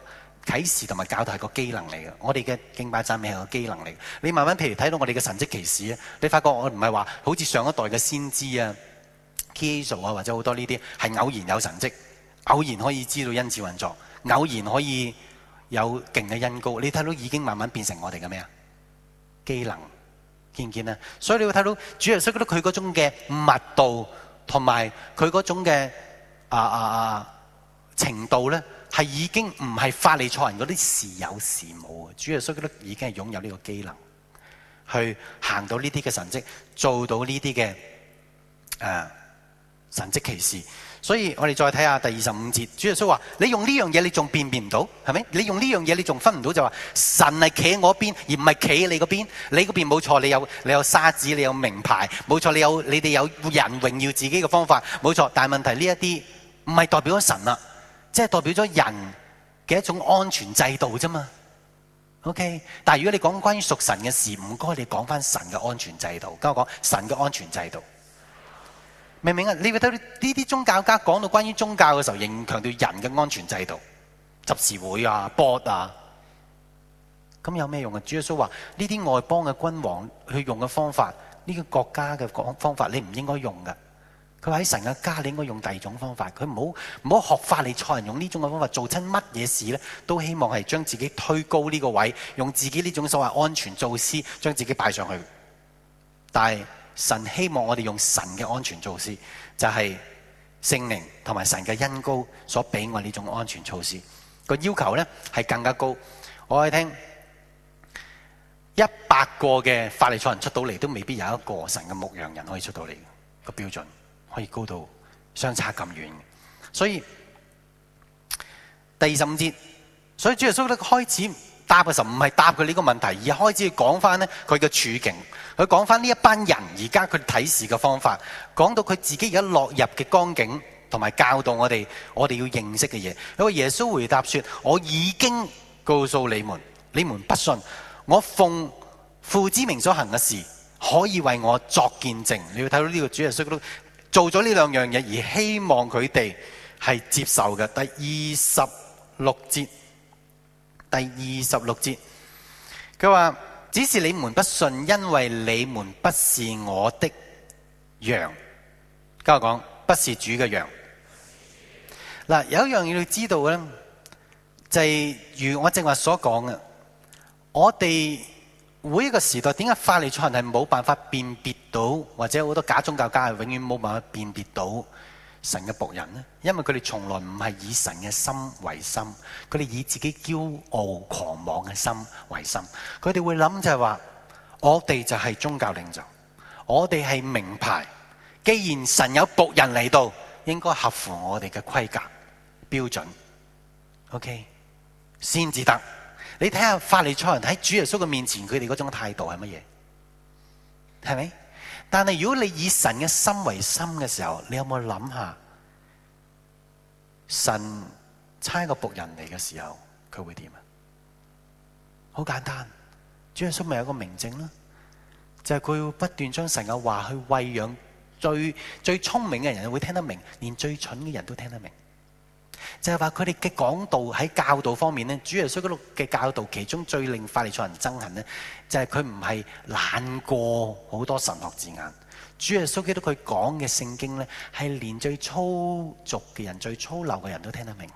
啟示同埋教導係個機能嚟嘅，我哋嘅敬拜讚美係個機能嚟。你慢慢譬如睇到我哋嘅神蹟奇事啊，你發覺我唔係話好似上一代嘅先知啊。KASO 啊，或者好多呢啲係偶然有神蹟，偶然可以知道恩賜運作，偶然可以有勁嘅恩膏。你睇到已經慢慢變成我哋嘅咩啊？機能見唔見啊？所以你會睇到主耶穌基督佢嗰種嘅密度同埋佢嗰種嘅啊啊啊程度咧，係已經唔係法利賽人嗰啲時有時冇。啊。啊人是是主耶穌基督已經係擁有呢個機能，去行到呢啲嘅神蹟，做到呢啲嘅誒。啊神蹟其事，所以我哋再睇下第二十五節，主耶穌話：你用呢樣嘢，你仲辨別唔到，係咪？你用呢樣嘢，你仲分唔到就話，是，神係企喺我邊，而唔係企喺你嗰邊。你嗰邊冇錯，你有你有沙子，你有名牌，冇錯，你有你哋有人榮耀自己嘅方法，冇錯。但係問題呢一啲唔係代表咗神啦，即係代表咗人嘅一種安全制度啫嘛。OK，但係如果你講關於屬神嘅事，唔該你講翻神嘅安全制度。跟我講神嘅安全制度。明明啊，你睇呢啲宗教家講到關於宗教嘅時候，仍然強調人嘅安全制度、執事會啊、board 啊，咁有咩用啊？主耶穌話：呢啲外邦嘅君王去用嘅方法，呢個國家嘅方法，你唔應該用㗎。佢話喺神嘅家，你應該用第二種方法。佢唔好唔好學法利賽人用呢種嘅方法，做親乜嘢事咧？都希望係將自己推高呢個位，用自己呢種所謂安全措施，將自己擺上去。但係，神希望我哋用神嘅安全措施，就係、是、聖靈同埋神嘅恩膏所畀我呢種安全措施。個要求呢係更加高。我去聽一百個嘅法利賽人出到嚟，都未必有一個神嘅牧羊人可以出到嚟。個標準可以高到相差咁遠。所以第二十五節，所以主耶穌開始答嘅時候，唔係答佢呢個問題，而開始講返呢佢嘅處境。佢講翻呢一班人而家佢睇事嘅方法，講到佢自己而家落入嘅光景，同埋教導我哋，我哋要認識嘅嘢。因為耶穌回答說：我已經告訴你們，你們不信，我奉父之名所行嘅事，可以為我作見證。你要睇到呢個主耶穌都做咗呢兩樣嘢，而希望佢哋係接受嘅。第二十六節，第二十六節，佢話。只是你們不信，因為你們不是我的羊。跟我講，不是主嘅羊。嗱，有一樣嘢你知道嘅咧，就係、是、如我正話所講嘅，我哋每一個時代點解法利賽人係冇辦法辨別到，或者好多假宗教家係永遠冇辦法辨別到。神嘅僕人咧，因為佢哋從來唔係以神嘅心為心，佢哋以自己驕傲狂妄嘅心為心。佢哋會諗就係話：我哋就係宗教領袖，我哋係名牌。既然神有僕人嚟到，應該合乎我哋嘅規格標準。OK，先至得。你睇下法利賽人喺主耶穌嘅面前，佢哋嗰種態度係乜嘢？係咪？但係如果你以神嘅心為心嘅時候，你有冇諗下神差個僕人嚟嘅時候，佢會點啊？好簡單，主耶穌咪有個明證囉，就係、是、佢會不斷將神嘅話去餵養，最最聰明嘅人會聽得明，連最蠢嘅人都聽得明。就係話佢哋嘅講道喺教導方面呢，主耶穌基督嘅教導，其中最令法利賽人憎恨呢，就係佢唔係懶過好多神學字眼。主耶穌基督佢講嘅聖經呢，係連最粗俗嘅人，最粗陋嘅人都聽得明。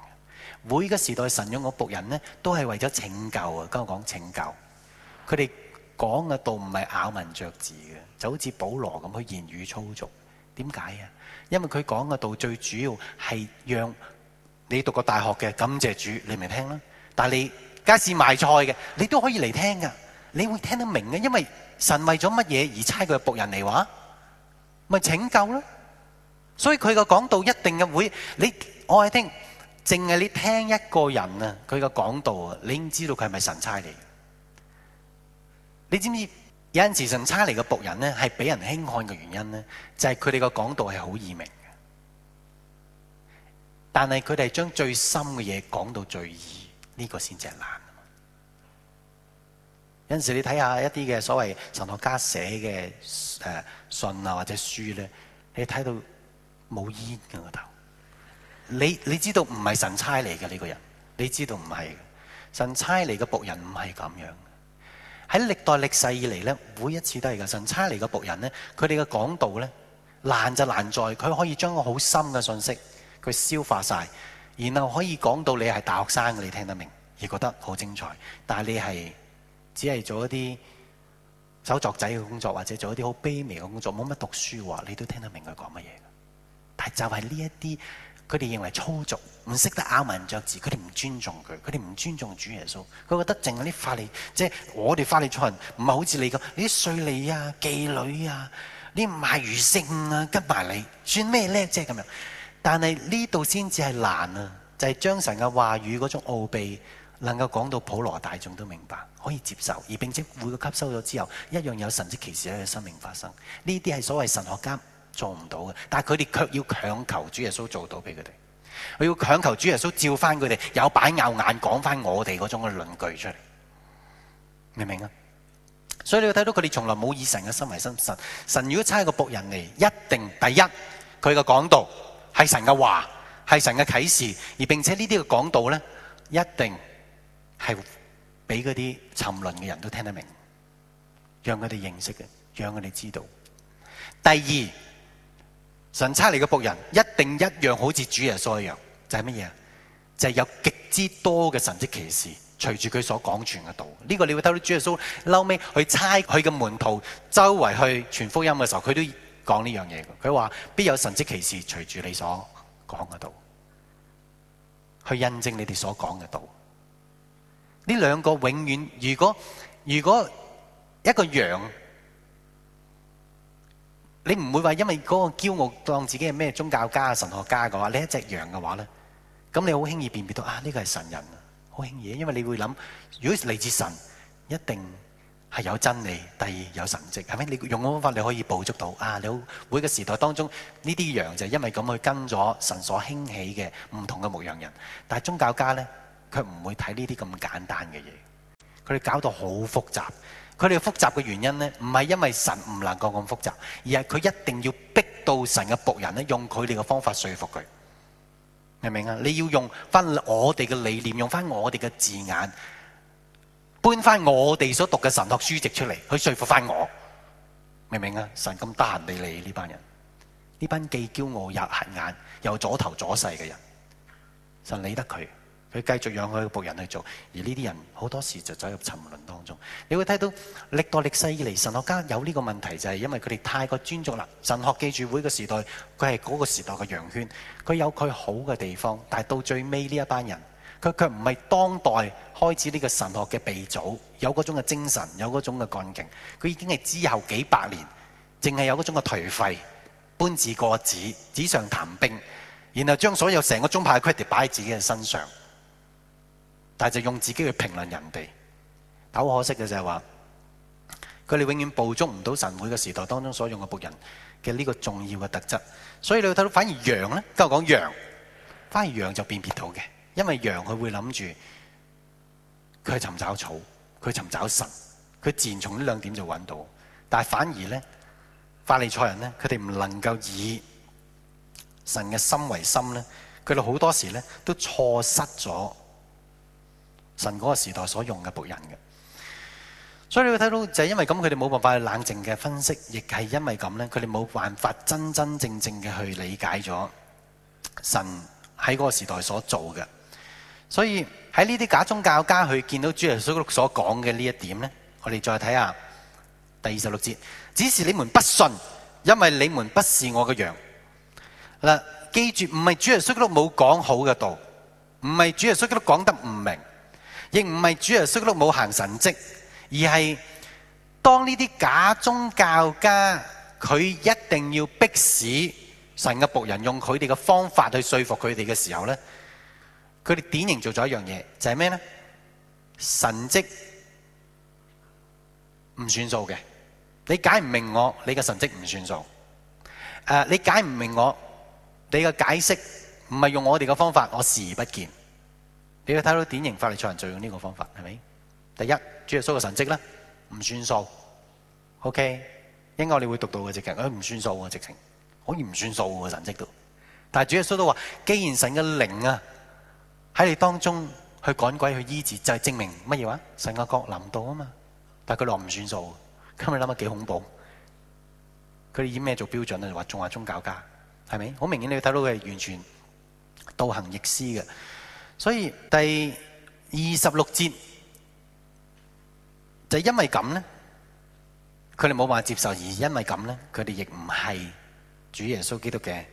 每個時代的神勇嘅僕人呢，都係為咗拯救啊。今日講拯救，佢哋講嘅道唔係咬文嚼字嘅，就好似保羅咁去言語粗俗。點解啊？因為佢講嘅道最主要係讓。你讀過大學嘅，感謝主，你咪聽啦。但係你街市賣菜嘅，你都可以嚟聽噶，你會聽得明嘅，因為神為咗乜嘢而差佢嘅僕人嚟話，咪拯救啦。所以佢嘅講道一定嘅會，你我係聽，淨係你聽一個人啊，佢嘅講道啊，你唔知道佢係咪神差嚟。你知唔知有陣時神差嚟嘅僕人咧，係俾人輕看嘅原因咧，就係佢哋嘅講道係好易明。但係佢哋將最深嘅嘢講到最易，呢個先至係難。有陣時你睇下一啲嘅所謂神學家寫嘅誒信啊或者書咧，你睇到冇煙嘅嗰頭。你你知道唔係神差嚟嘅呢個人，你知道唔係神差嚟嘅僕人唔係咁樣。喺歷代歷世以嚟咧，每一次都係嘅神差嚟嘅僕人咧，佢哋嘅講道咧，難就難在佢可以將個好深嘅信息。佢消化晒，然後可以講到你係大學生嘅，你聽得明，亦覺得好精彩。但係你係只係做一啲手作仔嘅工作，或者做一啲好卑微嘅工作，冇乜讀書話，你都聽得明佢講乜嘢。但係就係呢一啲，佢哋認為粗俗，唔識得咬文嚼字，佢哋唔尊重佢，佢哋唔尊重主耶穌。佢覺得淨係啲法利，即係我哋法利賽人，唔係好似你咁，啲稅吏啊、妓女啊、唔賣魚性啊跟埋你，算咩叻即係咁樣？但係呢度先至係難啊！就係將神嘅話語嗰種奧秘，能夠講到普羅大眾都明白，可以接受，而並且每個吸收咗之後，一樣有神蹟奇事喺佢生命發生。呢啲係所謂神學家做唔到嘅，但係佢哋卻要強求主耶穌做到俾佢哋，我要強求主耶穌照翻佢哋有擺拗眼講翻我哋嗰種嘅論據出嚟，明唔明啊？所以你要睇到佢哋從來冇以神嘅心為心神。神神如果差一個僕人嚟，一定第一佢嘅講道。係神嘅話，係神嘅啟示，而並且呢啲嘅講道咧，一定係俾嗰啲沉淪嘅人都聽得明，讓佢哋認識嘅，讓佢哋知道。第二，神差嚟嘅僕人一定一樣，好似主耶穌一樣，就係乜嘢？就係、是、有極之多嘅神蹟奇事隨住佢所講傳嘅道。呢、這個你會睇到主耶穌嬲尾去差佢嘅門徒周圍去傳福音嘅時候，佢都。講呢樣嘢嘅，佢話必有神蹟奇事隨住你所講嘅道，去印證你哋所講嘅道。呢兩個永遠，如果如果一個羊，你唔會話因為嗰個驕傲當自己係咩宗教家、神學家嘅話，你一隻羊嘅話咧，咁你好輕易辨別到啊，呢個係神人，好輕易，因為你會諗，如果嚟自神，一定。係有真理，第二有神蹟，係咪？你用嘅方法你可以捕捉到啊！你好每個時代當中呢啲羊就係因為咁去跟咗神所興起嘅唔同嘅牧羊人，但係宗教家咧佢唔會睇呢啲咁簡單嘅嘢，佢哋搞到好複雜。佢哋複雜嘅原因咧，唔係因為神唔能夠咁複雜，而係佢一定要逼到神嘅僕人咧，用佢哋嘅方法說服佢。明唔明啊？你要用翻我哋嘅理念，用翻我哋嘅字眼。搬翻我哋所讀嘅神學書籍出嚟，去說服翻我，明唔明啊？神咁得閒地理呢班人，呢班既驕傲又恨眼又左頭左勢嘅人，神理得佢，佢繼續養佢僕人去做，而呢啲人好多時就走入沉淪當中。你會睇到歷代歷世以嚟神學家有呢個問題，就係、是、因為佢哋太過尊重啦。神學記住會嘅時代，佢係嗰個時代嘅羊圈，佢有佢好嘅地方，但係到最尾呢一班人。佢卻唔係當代開始呢個神學嘅鼻祖，有嗰種嘅精神，有嗰種嘅幹勁。佢已經係之後幾百年，淨係有嗰種嘅頹廢，搬字過紙，紙上談兵，然後將所有成個宗派嘅規定擺喺自己嘅身上，但係就用自己去評論人哋。但好可惜嘅就係話，佢哋永遠捕捉唔到神每個時代當中所用嘅僕人嘅呢個重要嘅特質。所以你睇到反而羊呢，咧，我講羊，反而羊就辨別到嘅。因為羊佢會諗住佢去尋找草，佢尋找神，佢自然從呢兩點就揾到。但係反而咧，法利賽人咧，佢哋唔能夠以神嘅心為心咧，佢哋好多時咧都錯失咗神嗰個時代所用嘅僕人嘅。所以你會睇到就係因為咁，佢哋冇辦法去冷靜嘅分析，亦係因為咁咧，佢哋冇辦法真真正正嘅去理解咗神喺嗰個時代所做嘅。所以喺呢啲假宗教家，去見到主耶穌基督所講嘅呢一點咧，我哋再睇下第二十六節，只是你們不信，因為你們不是我嘅羊。記住，唔係主耶穌基督冇講好嘅道，唔係主耶穌基督講得唔明，亦唔係主耶穌基督冇行神蹟，而係當呢啲假宗教家，佢一定要逼使神嘅僕人用佢哋嘅方法去說服佢哋嘅時候咧。佢哋典型做咗一樣嘢，就係咩咧？神蹟唔算數嘅，你解唔明我，你嘅神蹟唔算數。誒、uh,，你解唔明我，你嘅解釋唔係用我哋嘅方法，我視而不見。你要睇到典型法利賽人就用呢個方法，係咪？第一，主耶穌嘅神蹟咧唔算數。OK。應該我哋會讀到嘅直情，佢唔算數嘅直情，可以唔算數嘅神蹟都。但係主耶穌都話，既然神嘅靈啊～喺你當中去趕鬼去醫治，就係、是、證明乜嘢，話神嘅國臨到啊嘛！但佢落唔算數，今日諗下幾恐怖？佢哋以咩做標準咧？就話眾亞宗教家，係咪？好明顯你睇到佢係完全道行逆施㗎。所以第二十六節就是，因為咁呢，佢哋冇辦法接受，而因為咁呢，佢哋亦唔係主耶穌基督嘅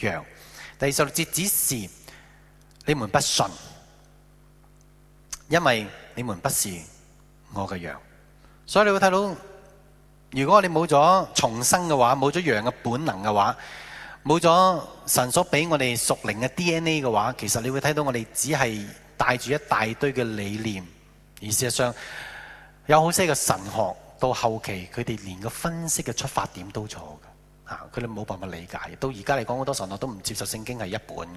羊。第二十六節只是。你們不信，因為你們不是我嘅羊，所以你會睇到，如果你冇咗重生嘅話，冇咗羊嘅本能嘅話，冇咗神所俾我哋屬靈嘅 DNA 嘅話，其實你會睇到我哋只係帶住一大堆嘅理念，而事實上有好些嘅神學到後期，佢哋連個分析嘅出發點都錯嘅，吓，佢哋冇辦法理解。到而家嚟講，好多神學都唔接受聖經係一本。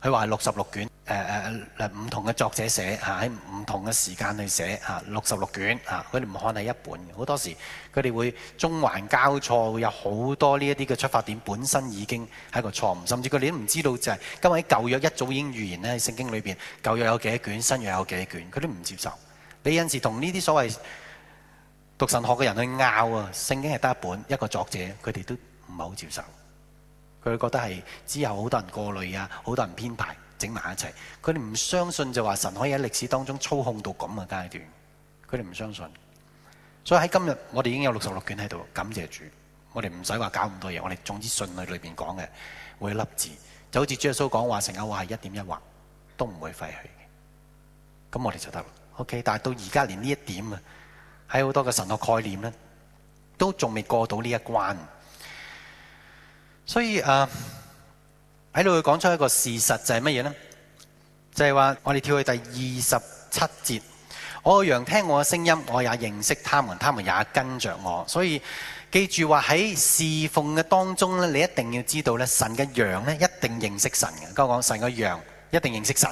佢話六十六卷，誒、呃、呃、唔同嘅作者寫嚇，喺唔同嘅時間去寫嚇，六十六卷嚇，佢哋唔看係一本嘅，好多時佢哋會縱橫交錯，會有好多呢一啲嘅出發點，本身已經係一個錯誤，甚至佢哋都唔知道就係，今日喺舊約一早已經預言咧，聖經裏面，舊約有幾多卷，新約有幾多卷，佢都唔接受。你有陣時同呢啲所謂讀神學嘅人去拗啊，聖經係得一本一個作者，佢哋都唔係好接受。佢覺得係之後好多人過濾啊，好多人編排整埋一齊。佢哋唔相信就話神可以喺歷史當中操控到咁嘅階段。佢哋唔相信。所以喺今日，我哋已經有六十六卷喺度，感謝主。我哋唔使話搞咁多嘢。我哋總之信佢裏邊講嘅每一粒字，就好似耶穌講話成日話係一點一劃都唔會廢去嘅。咁我哋就得啦。OK 但。但係到而家連呢一點啊，喺好多嘅神學概念咧，都仲未過到呢一關。所以啊，喺度會講出一個事實就係乜嘢咧？就係話我哋跳去第二十七節，我個羊聽我嘅聲音，我也認識他們，他們也跟着我。所以記住話喺侍奉嘅當中咧，你一定要知道咧，神嘅羊咧一定認識神嘅。跟我講神嘅羊一定認識神。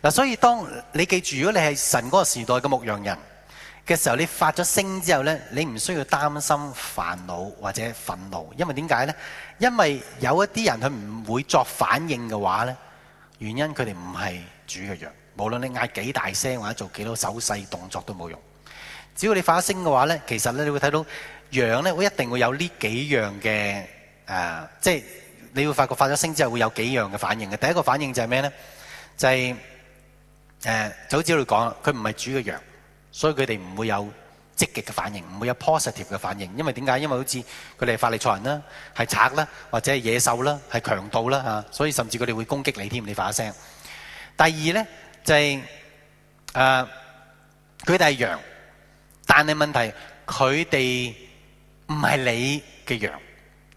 嗱，所以當你記住，如果你係神嗰個時代嘅牧羊人。嘅時候，你發咗聲之後呢，你唔需要擔心煩惱或者憤怒，因為點解呢？因為有一啲人佢唔會作反應嘅話呢，原因佢哋唔係主嘅羊。無論你嗌幾大聲或者做幾多手勢動作都冇用。只要你發咗聲嘅話呢，其實呢你會睇到羊呢，會一定會有呢幾樣嘅誒，即係你會發覺發咗聲之後會有幾樣嘅反應嘅。第一個反應就係咩呢？就係誒，就好似你講，佢唔係主嘅羊。所以佢哋唔會有積極嘅反應，唔會有 positive 嘅反應，因為點解？因為好似佢哋係法力錯人啦，係賊啦，或者係野獸啦，係強盜啦嚇，所以甚至佢哋會攻擊你添。你發一聲。第二呢就係誒，佢哋係羊，但係問題佢哋唔係你嘅羊，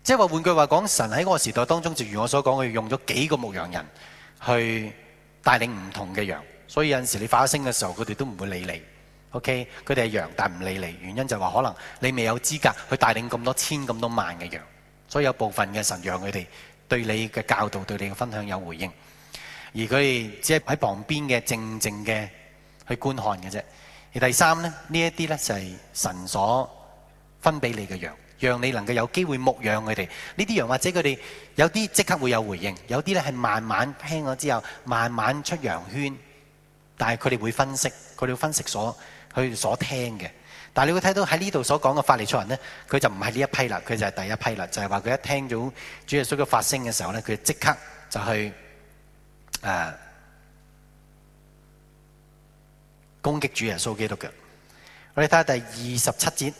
即係話換句話講，神喺嗰個時代當中，就如我所講，佢用咗幾個牧羊人去帶領唔同嘅羊，所以有陣時你發一聲嘅時候，佢哋都唔會理你。OK，佢哋係羊，但唔理你。原因就話可能你未有資格去帶領咁多千咁多萬嘅羊，所以有部分嘅神讓佢哋對你嘅教導、對你嘅分享有回應，而佢哋只係喺旁邊嘅靜靜嘅去觀看嘅啫。而第三呢，呢一啲呢就係神所分俾你嘅羊，讓你能夠有機會牧養佢哋。呢啲羊或者佢哋有啲即刻會有回應，有啲呢係慢慢聽咗之後，慢慢出羊圈，但係佢哋會分析，佢哋會分析所，佢所聽嘅，但你會睇到喺呢度所講嘅法利賽人咧，佢就唔係呢一批啦，佢就係第一批啦，就係話佢一聽到主耶穌嘅發聲嘅時候咧，佢即刻就去誒、啊、攻擊主耶穌基督嘅。我哋睇下第二十七節，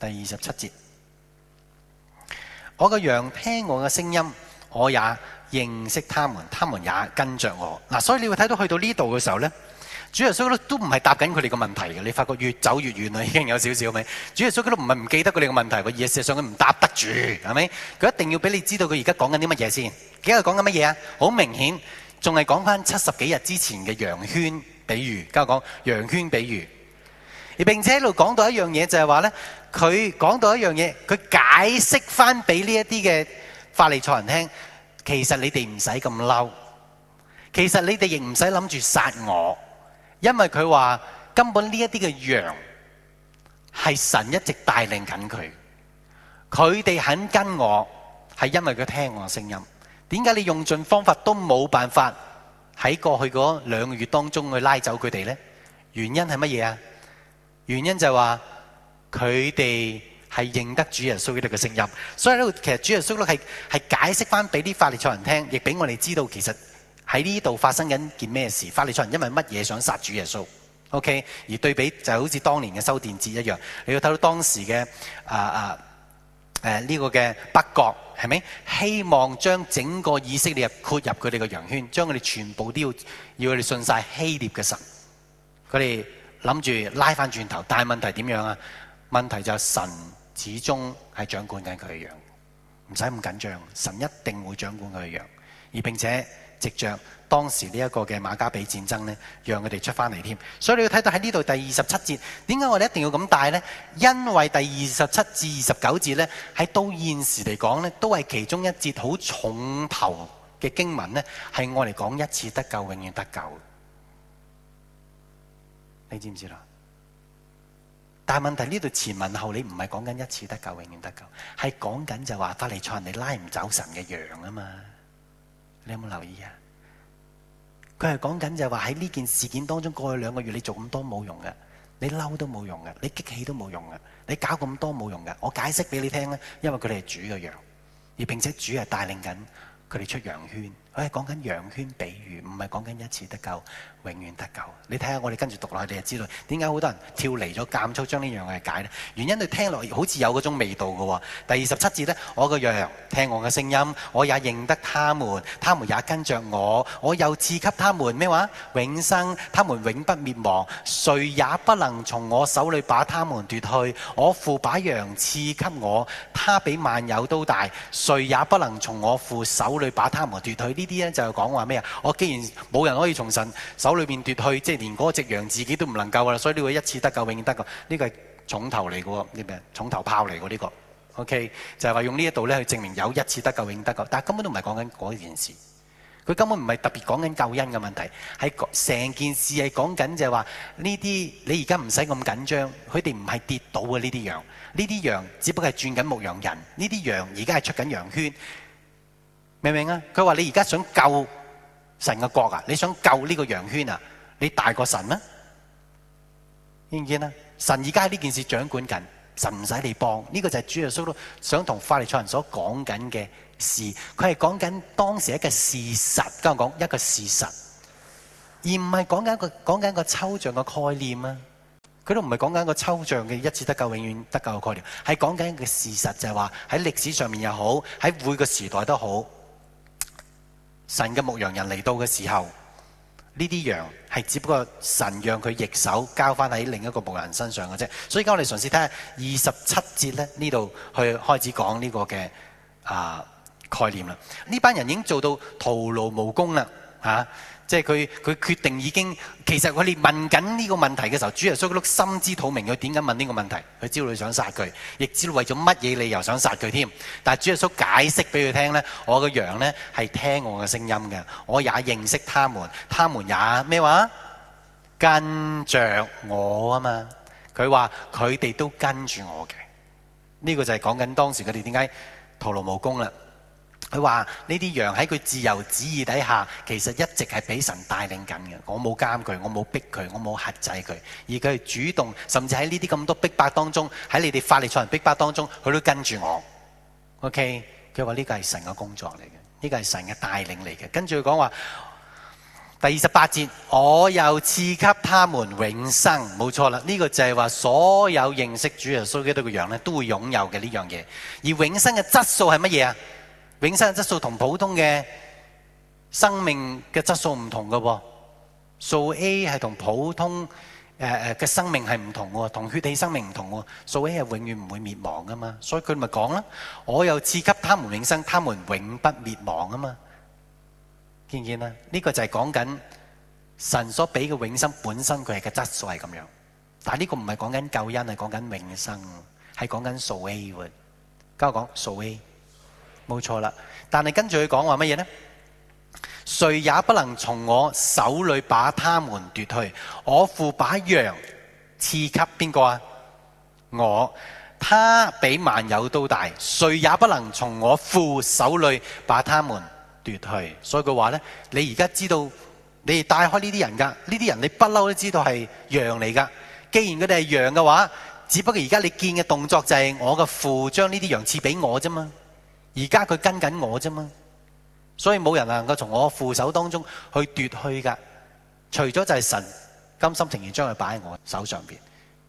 第二十七節，我個羊聽我嘅聲音，我也認識他們，他們也跟着我。嗱，所以你會睇到去到呢度嘅時候咧。主耶穌都唔係答緊佢哋個問題嘅，你發覺越走越遠啦，已經有少少咪。主耶穌都唔係唔記得佢哋個問題，而係事實上佢唔答得住，係咪？佢一定要俾你知道佢而家講緊啲乜嘢先。而家講緊乜嘢啊？好明顯，仲係講翻七十幾日之前嘅羊圈比喻。而家講羊圈比喻，而並且一路講到一樣嘢，就係話咧，佢講到一樣嘢，佢解釋翻俾呢一啲嘅法利賽人聽，其實你哋唔使咁嬲，其實你哋亦唔使諗住殺我。因為佢話根本呢一啲嘅羊係神一直帶領緊佢，佢哋肯跟我係因為佢聽我的聲音。點解你用盡方法都冇辦法喺過去嗰兩個月當中去拉走佢哋呢？原因係乜嘢啊？原因就係話佢哋係認得主耶穌呢度嘅聲音，所以咧，其實主耶穌基督係係解釋翻俾啲法利賽人聽，亦俾我哋知道其實。喺呢度發生緊件咩事？法利賽人因為乜嘢想殺主耶穌？O、okay? K. 而對比就好似當年嘅修殿節一樣，你要睇到當時嘅啊啊誒呢、啊這個嘅北國係咪希望將整個以色列括入佢哋嘅羊圈，將佢哋全部都要要佢哋信晒希臘嘅神。佢哋諗住拉翻轉頭，但係問題點樣啊？問題就係神始終係掌管緊佢嘅羊，唔使咁緊張，神一定會掌管佢嘅羊，而並且。藉著當時呢一個嘅馬加比戰爭呢讓佢哋出翻嚟添。所以你要睇到喺呢度第二十七節，點解我哋一定要咁帶呢？因為第二十七至二十九節呢，喺到現時嚟講呢都係其中一節好重頭嘅經文呢，係我哋講一次得救，永遠得救。你知唔知啦？但係問題呢度前文後理，唔係講緊一次得救，永遠得救，係講緊就話法利賽人哋拉唔走神嘅羊啊嘛。你有冇留意啊？佢係講緊就係話喺呢件事件當中過去兩個月你做咁多冇用嘅，你嬲都冇用嘅，你激氣都冇用嘅，你搞咁多冇用嘅。我解釋俾你聽咧，因為佢哋係主嘅羊，而並且主係帶領緊佢哋出羊圈。佢係講緊羊圈比喻，唔係講緊一次得救，永遠得救，你睇下我哋跟住讀落去，你就知道點解好多人跳離咗間操，將呢樣嘢解呢。原因你聽落去，好似有嗰種味道嘅。第二十七節呢，我個羊聽我嘅聲音，我也認得他們，他們也跟着我，我又賜給他們咩話永生，他們永不滅亡，誰也不能從我手裏把他們奪去。我父把羊賜給我，他比萬有都大，誰也不能從我父手裏把他們奪去。呢啲呢，就係講話咩啊？我既然冇人可以從神裡面奪去，即係連嗰隻羊自己都唔能夠啦，所以呢個一次得救，永遠得救，呢個係重頭嚟嘅喎，啲咩重頭炮嚟嘅呢個？OK，就係話用呢一度咧去證明有一次得救，永遠得救。但係根本都唔係講緊嗰件事，佢根本唔係特別講緊救恩嘅問題，係成件事係講緊就係話呢啲你而家唔使咁緊張，佢哋唔係跌倒嘅呢啲羊，呢啲羊只不過係轉緊牧羊人，呢啲羊而家係出緊羊圈，明唔明啊？佢話你而家想救。神嘅國啊！你想救呢個羊圈啊？你大過神咩？見唔見啊？神而家喺呢件事掌管緊，神唔使你幫。呢個就係主耶穌都想同法利賽人所講緊嘅事。佢係講緊當時一個事實，跟我講一個事實，而唔係講緊一個講緊一個抽象嘅概念啊。佢都唔係講緊一個抽象嘅一次得救、永遠得救嘅概念，係講緊一個事實，就係話喺歷史上面又好，喺每個時代都好。神嘅牧羊人嚟到嘅時候，呢啲羊係只不過神讓佢逆手交翻喺另一個牧羊人身上嘅啫。所以而家我哋嘗試睇下二十七節咧，呢度去開始講呢個嘅啊概念啦。呢班人已經做到徒勞無功啦吓。啊即係佢佢決定已經，其實佢哋問緊呢個問題嘅時候，主耶穌都心知肚明，佢點解問呢個問題？佢知道你想殺佢，亦知道為咗乜嘢理由想殺佢添。但主耶穌解釋俾佢聽咧，我個羊咧係聽我嘅聲音嘅，我也認識他們，他們也咩話？跟着我啊嘛！佢話佢哋都跟住我嘅。呢、這個就係講緊當時佢哋點解徒勞無功啦。佢話：呢啲羊喺佢自由旨意底下，其實一直係俾神帶領緊嘅。我冇監佢，我冇逼佢，我冇轄制佢，而佢係主動。甚至喺呢啲咁多逼迫當中，喺你哋法利賽人逼迫當中，佢都跟住我。OK，佢話呢個係神嘅工作嚟嘅，呢個係神嘅帶領嚟嘅。跟住佢講話第二十八節，我又賜給他們永生。冇錯啦，呢、呢個就係話所有認識主耶穌基督嘅羊都會擁有嘅呢樣嘢。而永生嘅質素係乜嘢啊？永生嘅質素同普通嘅生命嘅質素唔同噶，數 A 係同普通誒誒嘅生命係唔同嘅，同血氣生命唔同嘅，數 A 係永遠唔會滅亡噶嘛，所以佢咪講啦，我又賜給他們永生，他們永不滅亡啊嘛，見唔見啊？呢個就係講緊神所俾嘅永生本身，佢係嘅質素係咁樣，但係呢個唔係講緊救恩，係講緊永生，係講緊數 A 喎。噉我講數 A。冇錯啦，但係跟住佢講話乜嘢呢？誰也不能從我手裏把他們奪去。我父把羊賜給邊個啊？我，他比萬有都大，誰也不能從我父手裏把他們奪去。所以佢話呢：「你而家知道你帶開呢啲人噶，呢啲人你不嬲都知道係羊嚟噶。」既然佢哋係羊嘅話，只不過而家你見嘅動作就係我嘅父將呢啲羊賜俾我啫嘛。而家佢跟緊我啫嘛，所以冇人能夠從我父手當中去奪去噶，除咗就係神甘心情願將佢擺喺我手上邊。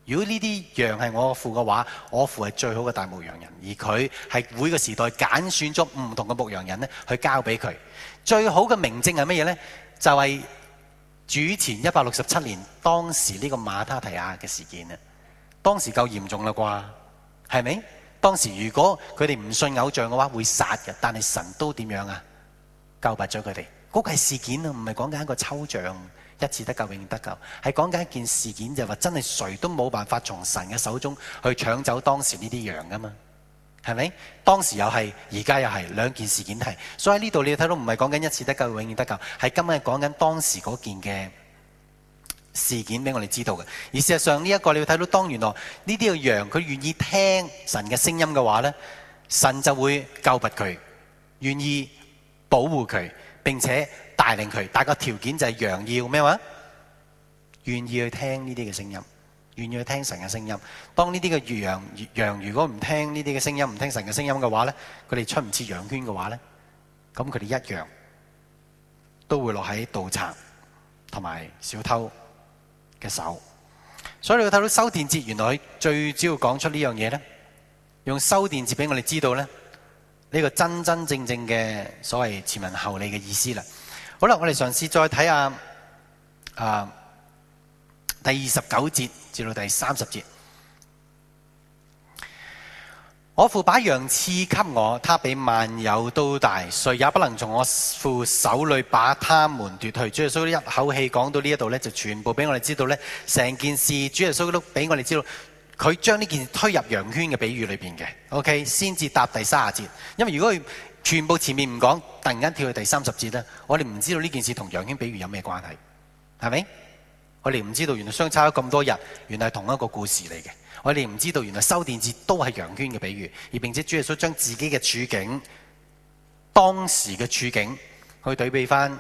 如果呢啲羊係我父嘅話，我父係最好嘅大牧羊人，而佢係每個時代揀選咗唔同嘅牧羊人呢去交俾佢。最好嘅名證係乜嘢呢？就係主前一百六十七年當時呢個馬他提亞嘅事件啊！當時夠嚴重啦啩，係咪？當時如果佢哋唔信偶像嘅話，會殺嘅。但係神都點樣啊？交拔咗佢哋嗰個係事件啊，唔係講緊一個抽象一次得救，永遠得救，係講緊一件事件，就話、是、真係誰都冇辦法從神嘅手中去搶走當時呢啲羊噶嘛？係咪？當時又係，而家又係兩件事件係。所以呢度你睇到唔係講緊一次得救，永遠得救，係今日講緊當時嗰件嘅。事件俾我哋知道嘅，而事實上呢一個，你會睇到當原來呢啲嘅羊，佢願意聽神嘅聲音嘅話咧，神就會救拔佢，願意保護佢，並且帶領佢。但係個條件就係羊要咩話？願意去聽呢啲嘅聲音，願意去聽神嘅聲音。當呢啲嘅羊羊如果唔聽呢啲嘅聲音，唔聽神嘅聲音嘅話咧，佢哋出唔切羊圈嘅話咧，咁佢哋一樣都會落喺盜賊同埋小偷手，所以你會睇到修殿節，原來最主要講出呢樣嘢咧，用修殿節俾我哋知道咧，呢、這個真真正正嘅所謂前文後理嘅意思啦。好啦，我哋嘗試再睇下啊第二十九節至到第三十節。我父把羊賜給我，他比萬有都大，誰也不能從我父手裏把他們奪去。主耶穌一口氣講到呢一度呢，就全部俾我哋知道呢成件事，主耶穌都俾我哋知道，佢將呢件事推入羊圈嘅比喻裏邊嘅。OK，先至答第三十節。因為如果佢全部前面唔講，突然間跳去第三十節呢，我哋唔知道呢件事同羊圈比喻有咩關係，係咪？我哋唔知道原來相差咗咁多日，原來係同一個故事嚟嘅。我哋唔知道，原來修殿節都係羊圈嘅比喻，而並且主耶穌將自己嘅處境、當時嘅處境，去對比翻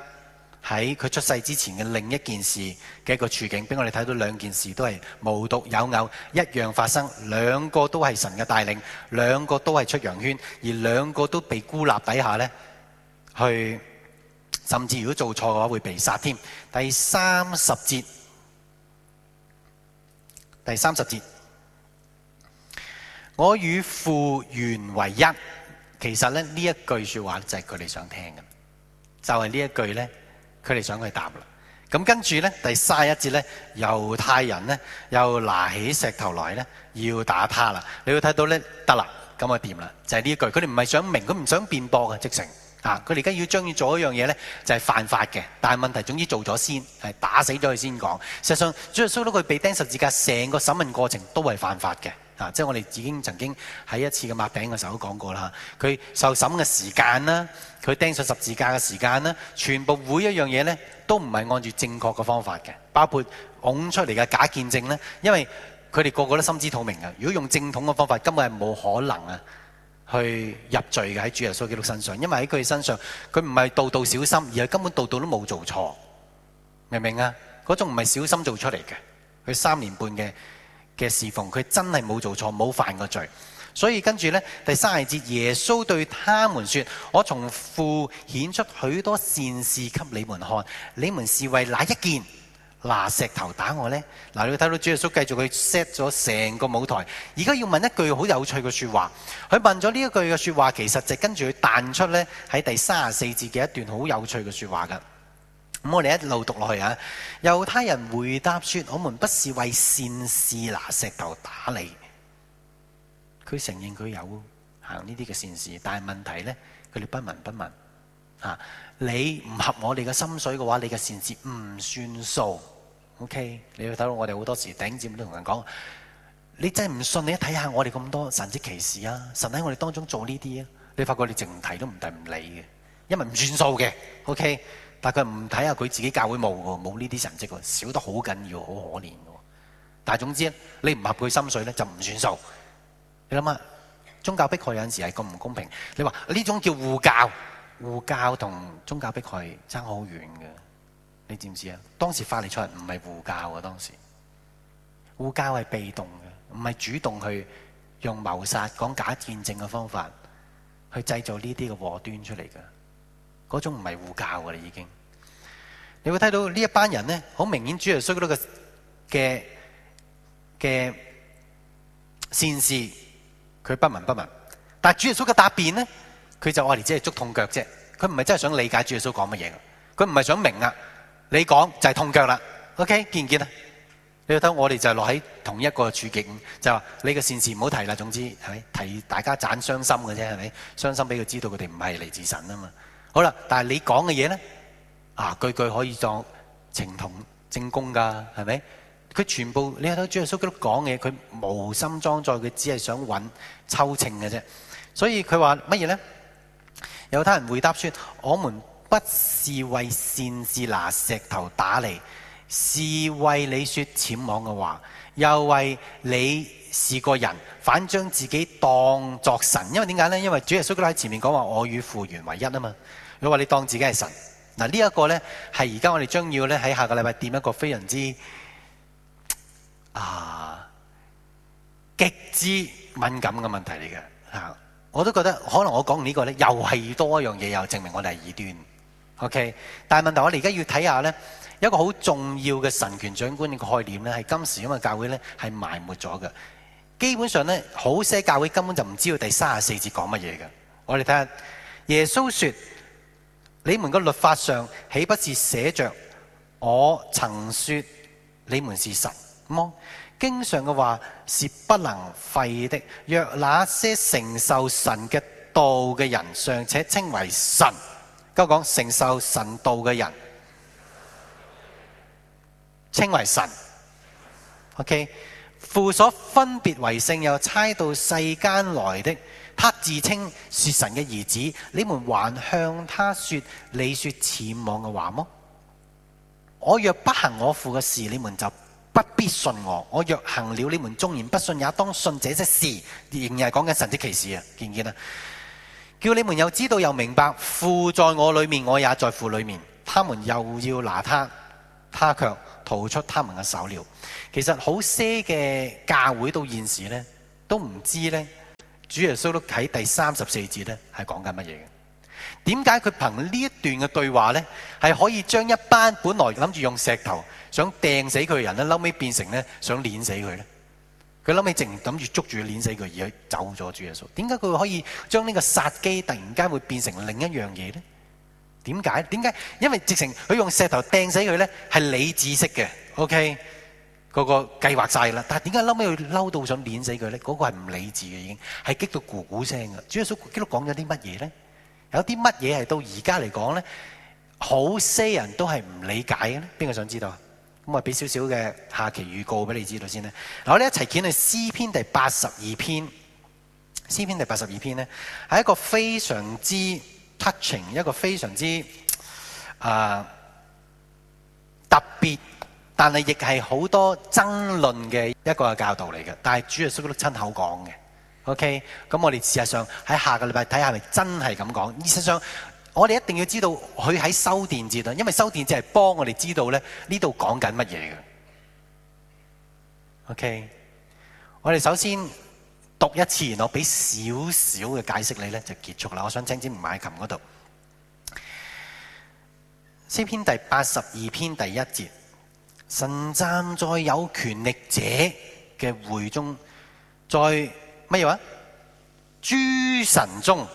喺佢出世之前嘅另一件事嘅一個處境，俾我哋睇到兩件事都係無獨有偶一樣發生，兩個都係神嘅帶領，兩個都係出羊圈，而兩個都被孤立底下呢。去甚至如果做錯嘅話會被殺添。第三十節，第三十節。我與父原為一，其實咧呢一句說話就係佢哋想聽嘅，就係、是、呢一句咧，佢哋想佢答啦。咁跟住咧第三十一節咧，猶太人咧又拿起石頭來咧要打他啦。你會睇到咧得啦，咁啊，掂啦，就係、是、呢一句。佢哋唔係想明，佢唔想辯駁嘅即成啊，佢哋而家要將要做一樣嘢咧，就係、是、犯法嘅。但係問題，總之做咗先，係打死咗佢先講。事實上，主要說到佢被釘十字架，成個審問過程都係犯法嘅。啊！即係我哋已經曾經喺一次嘅抹餅嘅時候都講過啦。佢受審嘅時間啦，佢釘上十字架嘅時間啦，全部每一樣嘢呢都唔係按住正確嘅方法嘅。包括拱出嚟嘅假見證呢，因為佢哋個個都心知肚明嘅。如果用正統嘅方法，根本係冇可能啊，去入罪嘅喺主耶穌基督身上，因為喺佢哋身上，佢唔係度度小心，而係根本度度都冇做錯。明唔明啊？嗰種唔係小心做出嚟嘅，佢三年半嘅嘅侍奉，佢真係冇做錯，冇犯過罪，所以跟住呢，第三十節耶穌對他們說，我從父顯出許多善事給你們看，你們是為哪一件拿，啊，石頭打我呢？嗱，啊，你會睇到主耶穌繼續佢 set 咗成個舞台，而家要問一句好有趣嘅說話，佢問咗呢一句嘅說話，其實就跟住佢彈出呢，喺第三十四節嘅一段好有趣嘅說話噶。咁我哋一路讀落去啊！猶太人回答說：我們不是為善事拿石頭打你。佢承認佢有行呢啲嘅善事，但係問題呢，佢哋不聞不問。啊，你唔合我哋嘅心水嘅話，你嘅善事唔算數。OK，你要睇到我哋好多時頂尖都同人講：你真係唔信，你一睇下我哋咁多神蹟奇事啊，神喺我哋當中做呢啲啊，你發覺你淨睇都唔睇唔理嘅，因為唔算數嘅。OK。但佢唔睇下佢自己教會冇，冇呢啲神跡，少得好緊要，好可憐喎。但總之，你唔合佢心水咧，就唔算數。你諗下，宗教迫害有陣時係咁唔公平。你話呢種叫護教，護教同宗教迫害爭好遠嘅。你知唔知啊？當時法利賽人唔係護教㗎。當時護教係被動嘅，唔係主動去用謀殺、講假見證嘅方法去製造呢啲嘅禍端出嚟嘅。嗰種唔係護教㗎啦，已經。你會睇到這呢一班人咧，好明顯主耶穌嗰啲嘅嘅善事，佢不聞不聞。但係主耶穌嘅答辯咧，佢就話嚟，只係捉痛腳啫。佢唔係真係想理解主耶穌講乜嘢，佢唔係想明啊。你講就係痛腳啦。OK，見唔見啊？你覺得我哋就係落喺同一個處境，就話你嘅善事唔好提啦。總之，係提大家盞傷心嘅啫，係咪？傷心俾佢知道佢哋唔係嚟自神啊嘛。好啦，但係你講嘅嘢呢，啊句句可以作呈堂證供噶，係咪？佢全部你睇到主耶穌基督講嘢，佢無心裝載，佢只係想揾抽秤嘅啫。所以佢話乜嘢呢？猶太人回答說：，我們不是為善事拿石頭打你，是為你說僭妄嘅話，又為你是個人反將自己當作神。因為點解呢？因為主耶穌基督喺前面講話：，我與父原為一啊嘛。佢話你當自己係神，嗱、這個、呢一個咧係而家我哋將要咧喺下個禮拜點一個非常之啊極之敏感嘅問題嚟嘅啊，我都覺得可能我講呢、這個咧又係多一樣嘢，又證明我哋係異端。O、okay? K，但係問題我哋而家要睇下咧，一個好重要嘅神權長官呢個概念咧，係今時今日教會咧係埋沒咗嘅，基本上咧好些教會根本就唔知道第三十四節講乜嘢嘅。我哋睇下耶穌說。你們個律法上豈不是寫着我曾說你們是神麼？經上嘅話是不能廢的。若那些承受神嘅道嘅人尚且稱為神，咁我講承受神道嘅人稱為神。OK，父所分別為聖又差到世間來的。他自稱是神嘅兒子，你們還向他說你說僭妄嘅話麼？我若不行我父嘅事，你們就不必信我；我若行了，你們縱然不信，也當信這些事。仍然係講緊神蹟奇事啊！見唔見啊？叫你們又知道又明白父在我裏面，我也在父裏面。他們又要拿他，他卻逃出他們嘅手了。其實好些嘅教會到現時呢，都唔知呢。主耶穌都喺第三十四節咧，係講緊乜嘢嘅？點解佢憑呢一段嘅對話咧，係可以將一班本來諗住用石頭想掟死佢嘅人咧，嬲尾變成咧想斬死佢咧？佢嬲尾直唔諗住捉住斬死佢而走咗主耶穌。點解佢可以將呢個殺機突然間會變成另一樣嘢咧？點解？點解？因為直情佢用石頭掟死佢咧，係理智式嘅。OK。嗰、那個計劃晒啦，但係點解嬲尾佢嬲到想捏死佢咧？嗰、那個係唔理智嘅，已經係激到咕咕聲嘅。主要所基督講咗啲乜嘢咧？有啲乜嘢係到而家嚟講咧，好些人都係唔理解嘅。邊個想知道？咁啊，俾少少嘅下期預告俾你知道先咧。我哋一齊見 C 第82《你詩篇》第八十二篇。詩篇第八十二篇咧，係一個非常之 touching，一個非常之誒、呃、特別。但係亦係好多爭論嘅一個嘅教導嚟嘅，但係主耶穌都親口講嘅，OK。咁我哋事實上喺下個禮拜睇下係咪真係咁講。事實上，我哋一定要知道佢喺修電節啊，因為修電節係幫我哋知道咧呢度講緊乜嘢嘅。OK。我哋首先讀一次，然後俾少少嘅解釋你咧就結束啦。我想請之吳係琴嗰度。詩篇第八十二篇第一節。神站在有權力者嘅會中，在乜嘢話？諸神中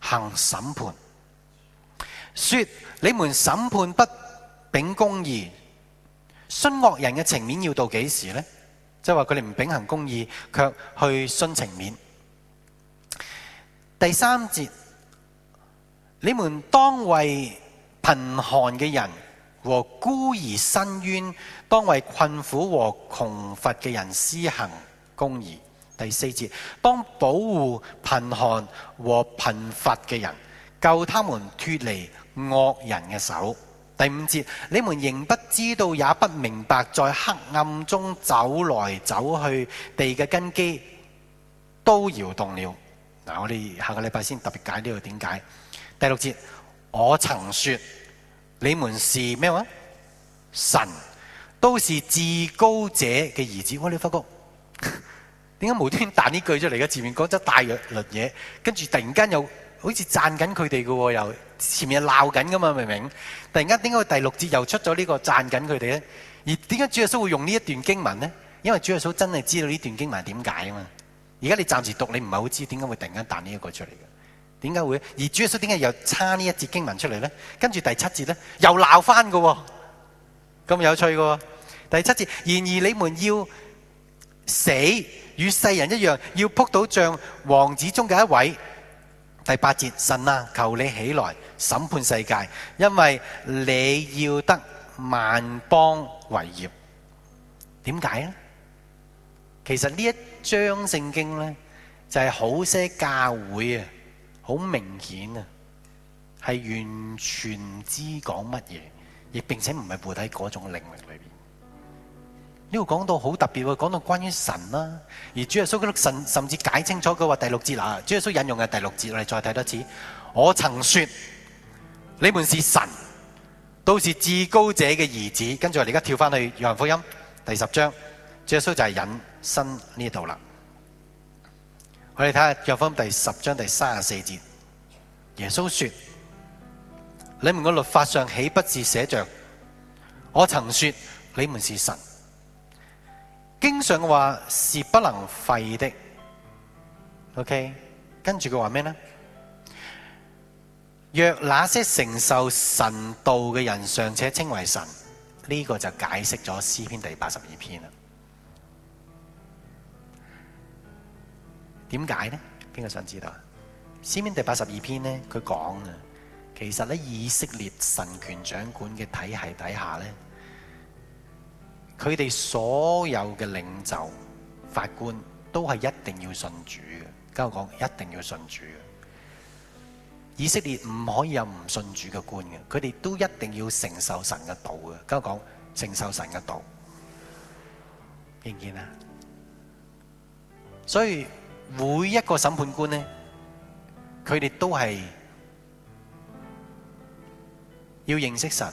行審判，說你們審判不秉公義，徇惡人嘅情面要到幾時呢？就是說佢哋唔秉行公義，卻去徇情面。第三節，你們當為貧寒嘅人。和孤兒申冤，當為困苦和窮乏嘅人施行公義。第四節，當保護貧寒和貧乏嘅人，救他們脫離惡人嘅手。第五節，你們仍不知道也不明白，在黑暗中走來走去，地嘅根基都搖動了。嗱，我哋下個禮拜先特別解呢個點解。第六節，我曾說。你們是咩話？神都是至高者嘅兒子。我你發覺點解無端彈呢句出嚟嘅？前面講咗大約輪嘢，跟住突然間又好似讚緊佢哋嘅喎，又前面又鬧緊㗎嘛，明唔明？突然間點解第六節又出咗、這個、呢個讚緊佢哋咧？而點解主耶穌會用呢一段經文咧？因為主耶穌真係知道呢段經文點解啊嘛。而家你暫時讀，你唔係好知點解會突然間彈呢一個出嚟點解會？而主耶穌點解又差呢一節經文出嚟咧？跟住第七節咧，又鬧翻個噶，咁有趣噶。第七節，然而你們要死，與世人一樣，要仆倒像王子中嘅一位。第八節，神啊，求你起來審判世界，因為你要得萬邦為業。點解咧？其實呢一章聖經咧，就係好些教會啊。好明顯啊，係完全唔知講乜嘢，亦並且唔係活喺嗰種領域裏邊。呢個講到好特別，講到關於神啦，而主耶穌嗰度神甚至解清楚佢話第六節啦，主耶穌引用嘅第六節，我哋再睇多次。我曾說你們是神，都是至高者嘅兒子。跟住我哋而家跳翻去約翰福音第十章，主耶穌就係引申呢度啦。我哋睇下約翰福音第十章第三十四節，耶穌說：你們嘅律法上豈不是寫着：「我曾說你們是神，經常話是不能廢的。OK，跟住佢話咩呢？「若那些承受神道嘅人尚且稱為神，呢、這個就解釋咗詩篇第八十二篇點解呢？邊個想知道啊？詩篇第八十二篇呢，佢講啊，其實咧以色列神權掌管嘅體系底下咧，佢哋所有嘅領袖、法官都係一定要信主嘅。跟我講，一定要信主嘅。以色列唔可以有唔信主嘅官嘅，佢哋都一定要承受神嘅道嘅。跟我講，承受神嘅道，見唔見啊？所以。每一個審判官呢，佢哋都係要認識神，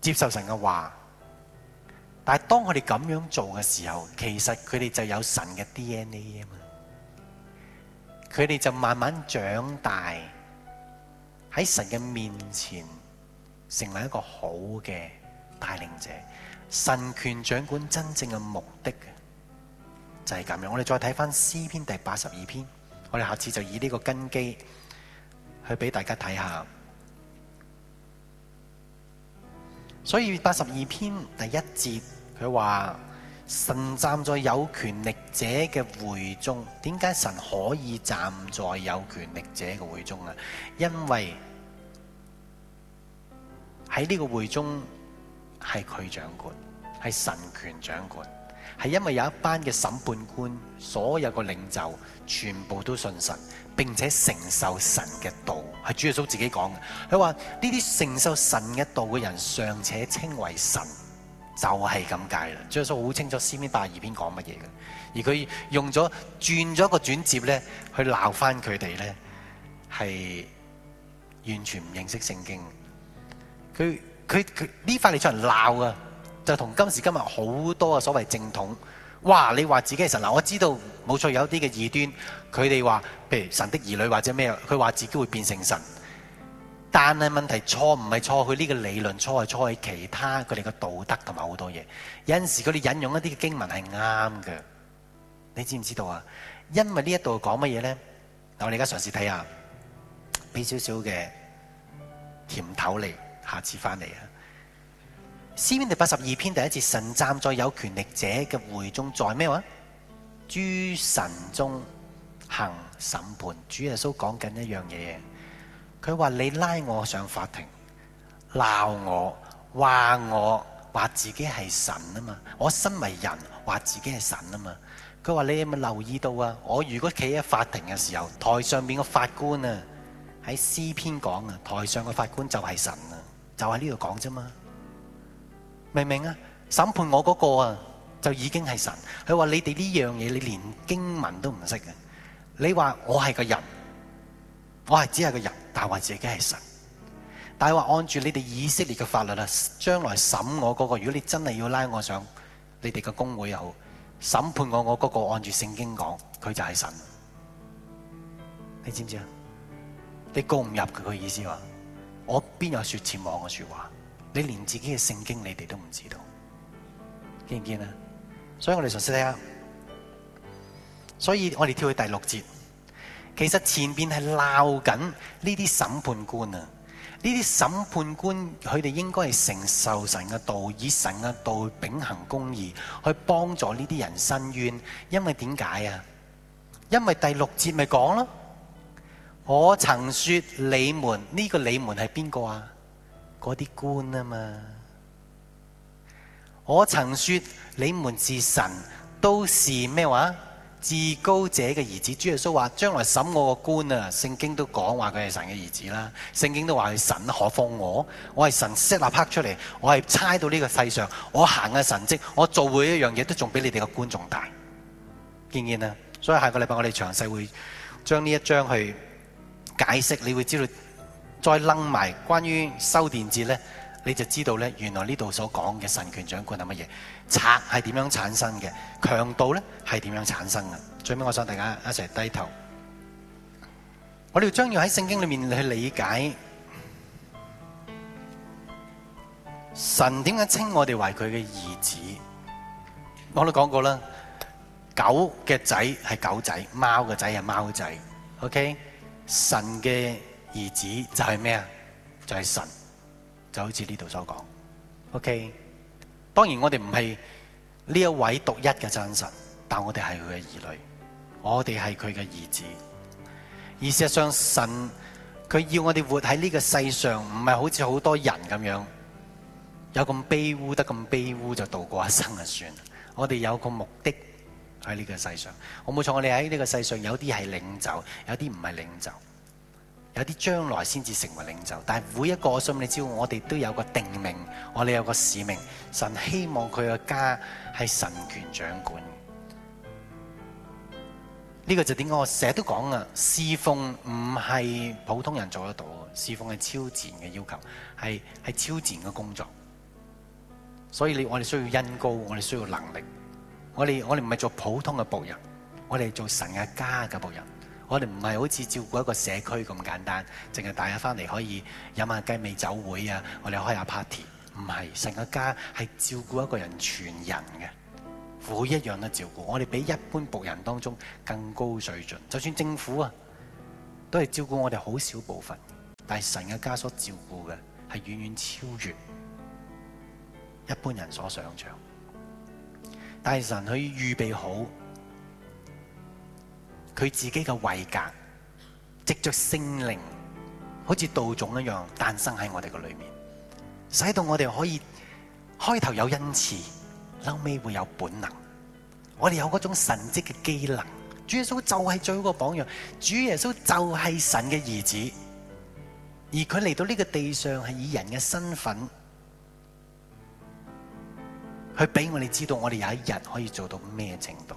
接受神嘅話。但係當佢哋咁樣做嘅時候，其實佢哋就有神嘅 DNA 啊嘛。佢哋就慢慢長大，喺神嘅面前，成為一個好嘅帶領者。神權掌管真正嘅目的就係、是、咁樣，我哋再睇翻詩篇第八十二篇，我哋下次就以呢個根基去俾大家睇下。所以八十二篇第一節佢話神站在有權力者嘅會中，點解神可以站在有權力者嘅會中啊？因為喺呢個會中係佢掌管，係神權掌管。係因為有一班嘅審判官，所有嘅領袖全部都信神，並且承受神嘅道，係主耶穌自己講嘅。佢話呢啲承受神嘅道嘅人，尚且稱為神，就係咁解啦。主耶穌好清楚詩篇八二篇講乜嘢嘅，而佢用咗轉咗個轉折咧，去鬧翻佢哋咧，係完全唔認識聖經。佢佢佢呢塊嚟出嚟鬧啊！就同今時今日好多嘅所謂正統，哇！你話自己係神嗱，我知道冇錯有啲嘅異端，佢哋話譬如神的兒女或者咩，佢話自己會變成神。但係問題錯唔係錯喺呢個理論，錯係錯喺其他佢哋嘅道德同埋好多嘢。有陣時佢哋引用一啲嘅經文係啱嘅，你知唔知道啊？因為呢一度講乜嘢呢？嗱，我哋而家嘗試睇下，俾少少嘅甜頭嚟，下次翻嚟啊！詩篇第八十二篇第一節，神站在有權力者嘅會中，在咩話？諸神中行審判。主耶穌講緊一樣嘢，佢話你拉我上法庭，鬧我，話我話自己係神啊嘛。我身為人，話自己係神啊嘛。佢話你有冇留意到啊？我如果企喺法庭嘅時候，檯上面個法官啊，喺詩篇講啊，檯上個法官就係神啊，就喺呢度講啫嘛。明唔明啊？審判我嗰個啊就已經係神。佢話你哋呢樣嘢，你連經文都唔識嘅。你話我係個人，我係只係個人，但係話自己係神。但係話按住你哋以色列嘅法律啦，將來審我嗰個，如果你真係要拉我上你哋嘅公會又好，審判我我嗰個按住聖經講，佢就係神。你知唔知啊？你告唔入佢嘅意思啊？我邊有說前往嘅說話？你連自己嘅聖經你哋都唔知道，見唔見啊？所以我哋嘗試睇下，所以我哋跳去第六節。其實前邊係鬧緊呢啲審判官啊，呢啲審判官佢哋應該係承受神嘅道，以神嘅道秉行公義，去幫助呢啲人伸冤。因爲點解啊？因爲第六節咪講咯，我曾說你們呢、呢個你們係邊個啊？嗰啲官啊嘛，我曾說你們是神，都是咩話？至高者嘅兒子，主耶穌話將來審我個官啊！聖經都講話佢係神嘅兒子啦，聖經都話佢神，何況我？我係神識立刻出嚟，我係猜到呢個世上，我行嘅神蹟，我做每一樣嘢都仲比你哋個官仲大，見唔見啊？所以下個禮拜我哋詳細會將呢一章去解釋，你會知道。再楞埋關於修殿節咧，你就知道咧，原來呢度所講嘅神權掌管係乜嘢，賊係點樣產生嘅，強盜咧係點樣產生嘅。最尾我想大家一齊低頭，我哋將要喺聖經裏面去理解神點解稱我哋為佢嘅兒子。我都講過啦，狗嘅仔係狗仔，貓嘅仔係貓仔。OK，神嘅。兒子就係咩啊？就係、是、神，就好似呢度所講。O、okay. K，當然我哋唔係呢一位獨一嘅真神，但我哋係佢嘅兒女，我哋係佢嘅兒子。而事實上神，神佢要我哋活喺呢個世上，唔係好似好多人咁樣有咁卑污得咁卑污就度過一生就算。我哋有個目的喺呢個世上。我冇錯，我哋喺呢個世上有啲係領袖，有啲唔係領袖。有啲將來先至成為領袖，但係每一個我想你知道，我哋都有個定命，我哋有個使命。神希望佢嘅家係神權掌管。呢、這個就點講？我成日都講啊，侍奉唔係普通人做得到嘅，侍奉係超自然嘅要求，係係超自然嘅工作。所以你我哋需要恩膏，我哋需要能力。我哋我哋唔係做普通嘅僕人，我哋做神嘅家嘅僕人。我哋唔係好似照顧一個社區咁簡單，淨係大家返嚟可以飲下雞尾酒會呀。我哋開下 party，唔係，神嘅家係照顧一個人全人嘅，每一樣都照顧。我哋比一般僕人當中更高水準，就算政府呀、啊，都係照顧我哋好少部分，但係神嘅家所照顧嘅係遠遠超越一般人所想像。但係神可以預備好。佢自己嘅位格，藉着聖靈，好似道種一樣誕生喺我哋嘅裏面，使到我哋可以開頭有恩賜，後尾會有本能。我哋有嗰種神蹟嘅機能，主耶穌就係最好個榜樣。主耶穌就係神嘅兒子，而佢嚟到呢個地上係以人嘅身份，去俾我哋知道我哋有一日可以做到咩程度。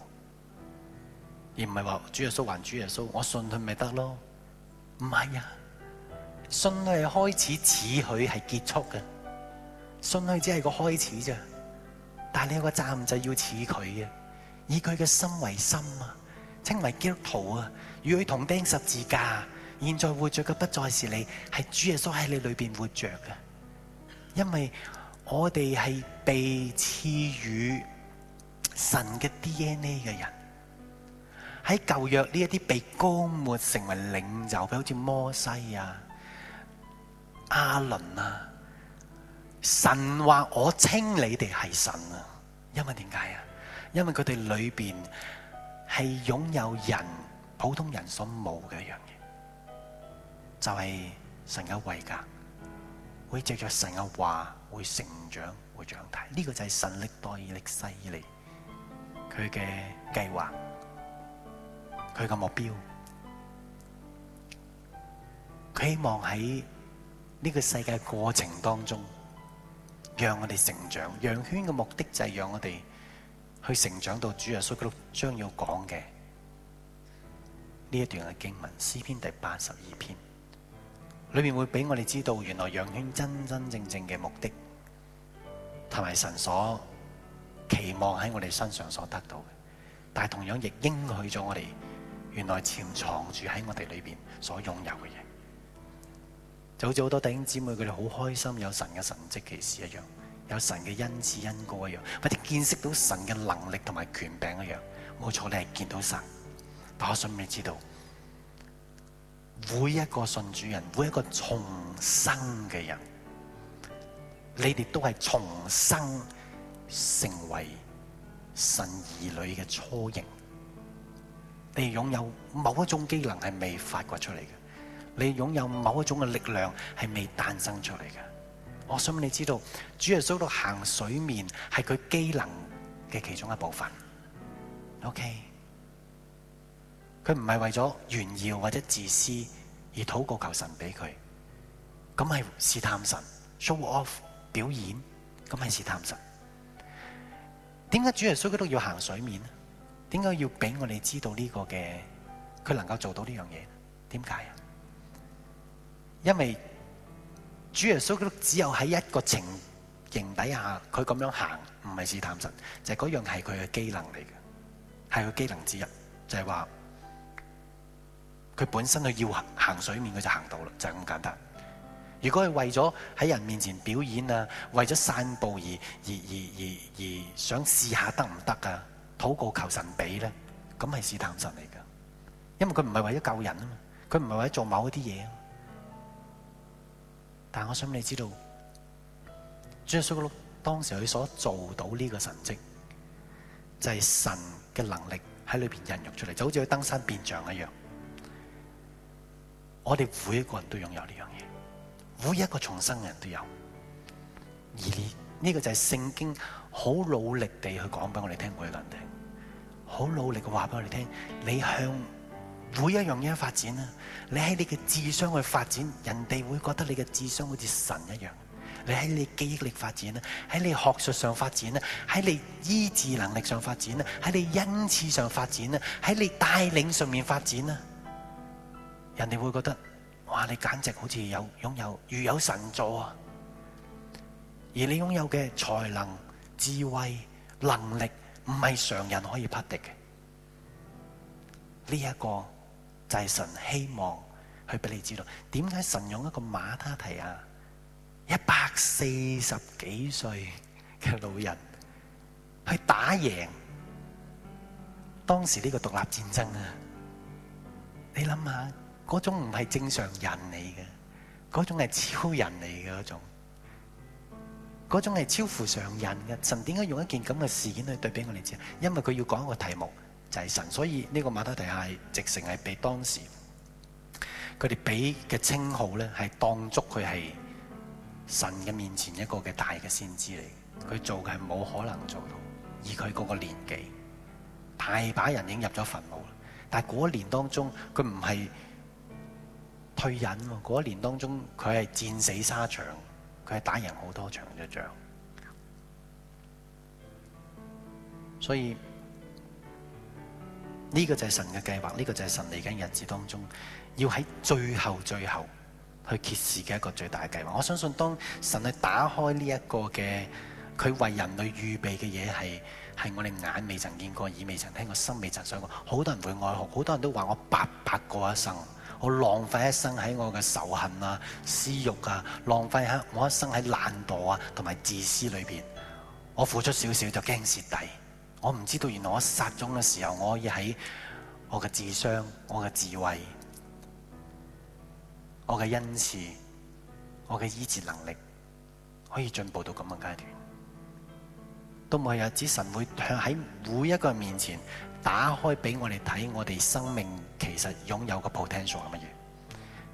而唔係話主耶穌還主耶穌，我信佢咪得咯？唔係啊，信佢係開始，似佢係結束嘅。信佢只係個開始啫，但係你有個站就要似佢嘅，以佢嘅心為心啊，稱為基督徒啊，與佢同釘十字架。現在活着嘅不再是你，係主耶穌喺你裏邊活着嘅，因為我哋係被賜予神嘅 DNA 嘅人。喺舊約呢一啲被膏抹成為領袖，譬如好似摩西啊、亞倫啊，神話我稱你哋係神啊，因為點解啊？因為佢哋裏邊係擁有人普通人所冇嘅一樣嘢，就係、是、神嘅位格，會借着神嘅話會成長、會長大。呢、這個就係神力多力犀利，佢嘅計劃。佢個目標，佢希望喺呢個世界的過程當中，讓我哋成長。羊圈嘅目的就係讓我哋去成長到主耶穌基督將要講嘅呢一段嘅經文，詩篇第八十二篇，裏面會俾我哋知道，原來羊圈真真正正嘅目的，同埋神所期望喺我哋身上所得到嘅，但係同樣亦應許咗我哋。原來潛藏住喺我哋裏邊所擁有嘅嘢，就好似好多弟兄姊妹佢哋好開心有神嘅神跡奇事一樣，有神嘅恩賜恩膏一樣，或者見識到神嘅能力同埋權柄一樣。冇錯，你係見到神，但係我想你知道，每一個信主人，每一個重生嘅人，你哋都係重生成為神兒女嘅雛形。你擁有某一種機能係未發掘出嚟嘅，你擁有某一種嘅力量係未誕生出嚟嘅。我想問你知道，主耶穌都行水面係佢機能嘅其中一部分。OK，佢唔係為咗炫耀，或者自私而禱告求神俾佢，咁係試探神，show off 表演，咁係試探神。點解主耶穌佢都要行水面呢？點解要俾我哋知道呢個嘅，佢能夠做到呢樣嘢，點解啊？因為主耶穌佢只有喺一個情形底下，佢咁樣行，唔係試探神，就係、是、嗰樣係佢嘅機能嚟嘅，係佢機能之一，就係話佢本身佢要行，行水面，佢就行到啦，就係、是、咁簡單。如果係為咗喺人面前表演啊，為咗散步而而而而而想試下得唔得啊？禱告求神俾咧，咁係試探神嚟噶因為佢唔係為咗救人啊嘛，佢唔係為咗做某一啲嘢啊。但係我想你知道，耶穌基督當時佢所做到呢個神蹟，就係、是、神嘅能力喺裏邊孕育出嚟，就好似佢登山變像一樣。我哋每一個人都擁有呢樣嘢，每一個重生嘅人都有。而呢呢、這個就係聖經好努力地去講俾我哋聽嗰樣嘢。好努力嘅話，俾我哋聽。你向每一樣嘢發展啊！你喺你嘅智商去發展，人哋會覺得你嘅智商好似神一樣。你喺你嘅記憶力發展啊，喺你學術上發展啊，喺你醫治能力上發展啊，喺你恩賜上發展啊，喺你帶領上面發展啊。人哋會覺得，哇！你簡直好似有擁有如有神助啊！而你擁有嘅才能、智慧、能力。唔係常人可以匹敵嘅，呢一個就係神希望去俾你知道，點解神用一個馬他提亞一百四十幾歲嘅老人去打贏當時呢個獨立戰爭啊！你諗下，嗰種唔係正常人嚟嘅，嗰種係超人嚟嘅嗰種。嗰種係超乎常人嘅，神點解用一件咁嘅事件去對比我哋知啊？因為佢要講一個題目就係、是、神，所以呢個瑪他提亞是直成係被當時佢哋俾嘅稱號咧，係當足佢係神嘅面前一個嘅大嘅先知嚟，佢做嘅係冇可能做到，以佢嗰個年紀，大把人已經入咗墳墓啦。但係嗰一年當中，佢唔係退隱喎，嗰一年當中佢係戰死沙場。佢係打贏好多場嘅仗，所以呢個就係神嘅計劃，呢個就係神嚟緊日子當中要喺最後最後去揭示嘅一個最大嘅計劃。我相信當神去打開呢一個嘅，佢為人類預備嘅嘢，係係我哋眼未曾見過，耳未曾聽過，心未曾想過。好多人會愛好，好多人都話我白白過一生。我浪費一生喺我嘅仇恨啊、私欲啊，浪費喺我一生喺懶惰啊同埋自私裏邊。我付出少少就驚蝕底，我唔知道原來我殺中嘅時候，我可以喺我嘅智商、我嘅智慧、我嘅恩賜、我嘅醫治能力，可以進步到咁嘅階段。都冇日子，神會向喺每一個人面前，打開俾我哋睇，我哋生命其實擁有個 potential 係乜嘢？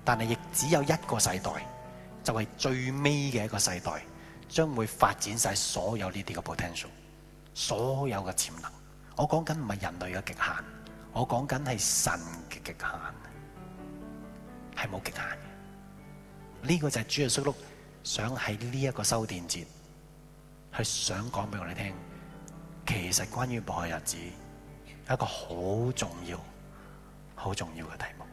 但係亦只有一個世代，就係、是、最尾嘅一個世代，將會發展晒所有呢啲嘅 potential，所有嘅潛能。我講緊唔係人類嘅極限，我講緊係神嘅極限，係冇極限。呢、這個就係主耶穌祿想喺呢一個修殿節，係想講俾我哋聽，其實關於博學日子。一個好重要、好重要嘅題目。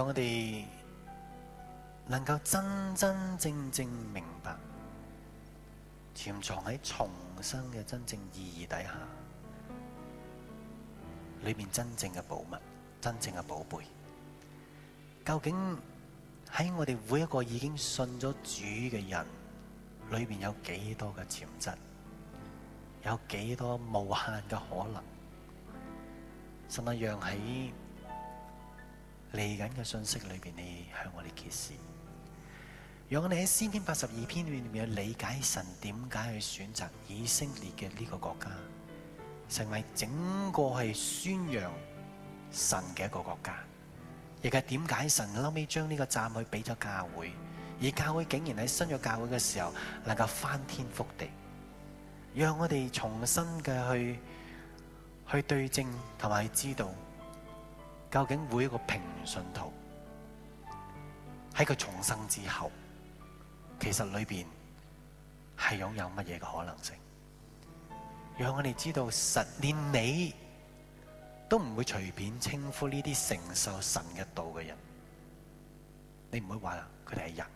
讓我哋能夠真真正正明白，潛藏喺重生嘅真正意義底下，裏面，真正嘅寶物、真正嘅寶貝，究竟喺我哋每一個已經信咗主嘅人裏面，有幾多嘅潛質，有幾多無限嘅可能，甚至讓起。嚟緊嘅信息裏邊，你向我哋揭示，讓我哋喺詩篇八十二篇裏面去理解神點解去選擇以色列嘅呢個國家，成為整個係宣揚神嘅一個國家，亦係點解神後尾將呢個站去俾咗教會，而教會竟然喺新約教會嘅時候能夠翻天覆地，讓我哋重新嘅去去對證同埋知道。究竟每一個平信徒喺佢重生之後，其實裏邊係擁有乜嘢嘅可能性？讓我哋知道，實連你都唔會隨便稱呼呢啲承受神嘅道嘅人。你唔會話佢哋係人，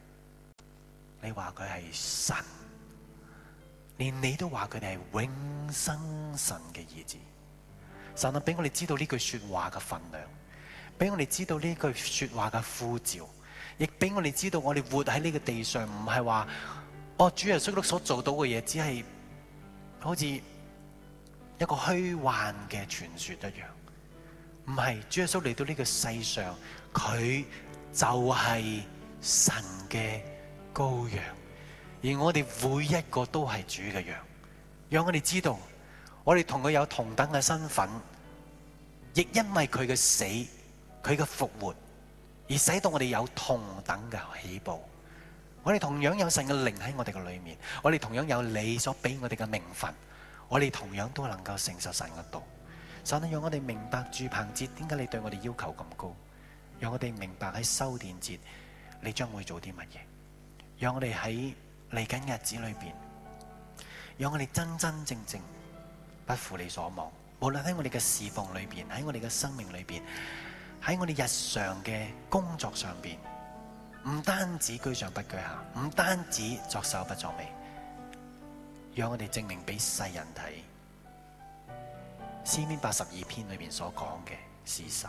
你話佢係神，連你都話佢哋係永生神嘅兒子。神能俾我哋知道呢句說話嘅份量。俾我哋知道呢句說話嘅呼召，亦俾我哋知道，我哋活喺呢個地上，唔係話，哦，主耶穌所做到嘅嘢，只係好似一個虛幻嘅傳說一樣。唔係，主耶穌嚟到呢個世上，佢就係神嘅羔羊，而我哋每一個都係主嘅羊，讓我哋知道，我哋同佢有同等嘅身份，亦因為佢嘅死。佢嘅復活，而使到我哋有同等嘅起步。我哋同樣有神嘅靈喺我哋嘅裏面，我哋同樣有你所俾我哋嘅名分，我哋同樣都能夠承受神嘅道。神啊，讓我哋明白住棚節點解你對我哋要求咁高，讓我哋明白喺修殿節你將會做啲乜嘢，讓我哋喺嚟緊日子裏邊，讓我哋真真正正不負你所望。無論喺我哋嘅侍奉裏邊，喺我哋嘅生命裏邊。喺我哋日常嘅工作上邊，唔單止居上不居下，唔單止作首不作尾，讓我哋證明俾世人睇，詩篇八十二篇裏邊所講嘅事實，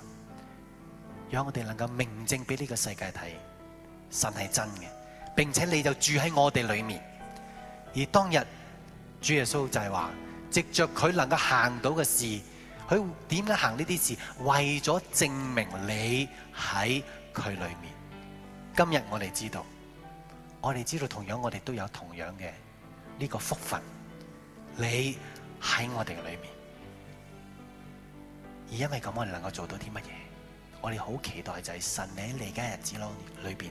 讓我哋能夠明證俾呢個世界睇，神係真嘅，並且你就住喺我哋裏面。而當日主耶穌就係話，藉着佢能夠行到嘅事。佢點樣行呢啲事，為咗證明你喺佢裏面。今日我哋知道，我哋知道同樣我哋都有同樣嘅呢個福分。你喺我哋裏面，而因為咁我哋能夠做到啲乜嘢？我哋好期待就係神喺離家日子裏邊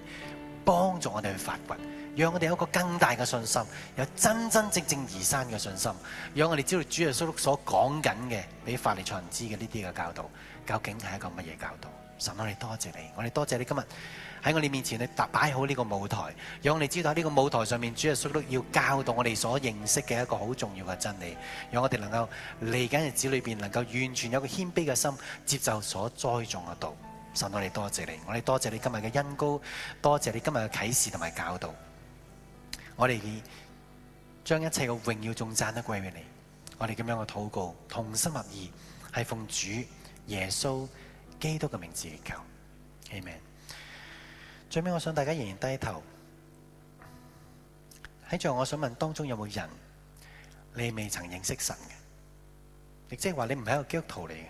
幫助我哋去發掘。讓我哋有個更大嘅信心，有真真正正移山嘅信心。讓我哋知道主耶穌所講緊嘅，俾法利賽人知嘅呢啲嘅教導，究竟係一個乜嘢教導？神，我哋多謝你，我哋多謝你今日喺我哋面前，你搭擺好呢個舞台，讓我哋知道喺呢個舞台上面，主耶穌要教導我哋所認識嘅一個好重要嘅真理。讓我哋能夠嚟緊日子裏邊，能夠完全有個謙卑嘅心，接受所栽種嘅道。神，我哋多謝你，我哋多謝你今日嘅恩膏，多謝你今日嘅啟示同埋教導。我哋將一切嘅榮耀、頌讚都歸於你。我哋咁樣嘅禱告，同心合意，係奉主耶穌基督嘅名字而求。Amen。最尾，我想大家仍然低頭。喺座，我想問當中有冇人，你未曾認識神嘅？亦即係話，你唔係一個基督徒嚟嘅。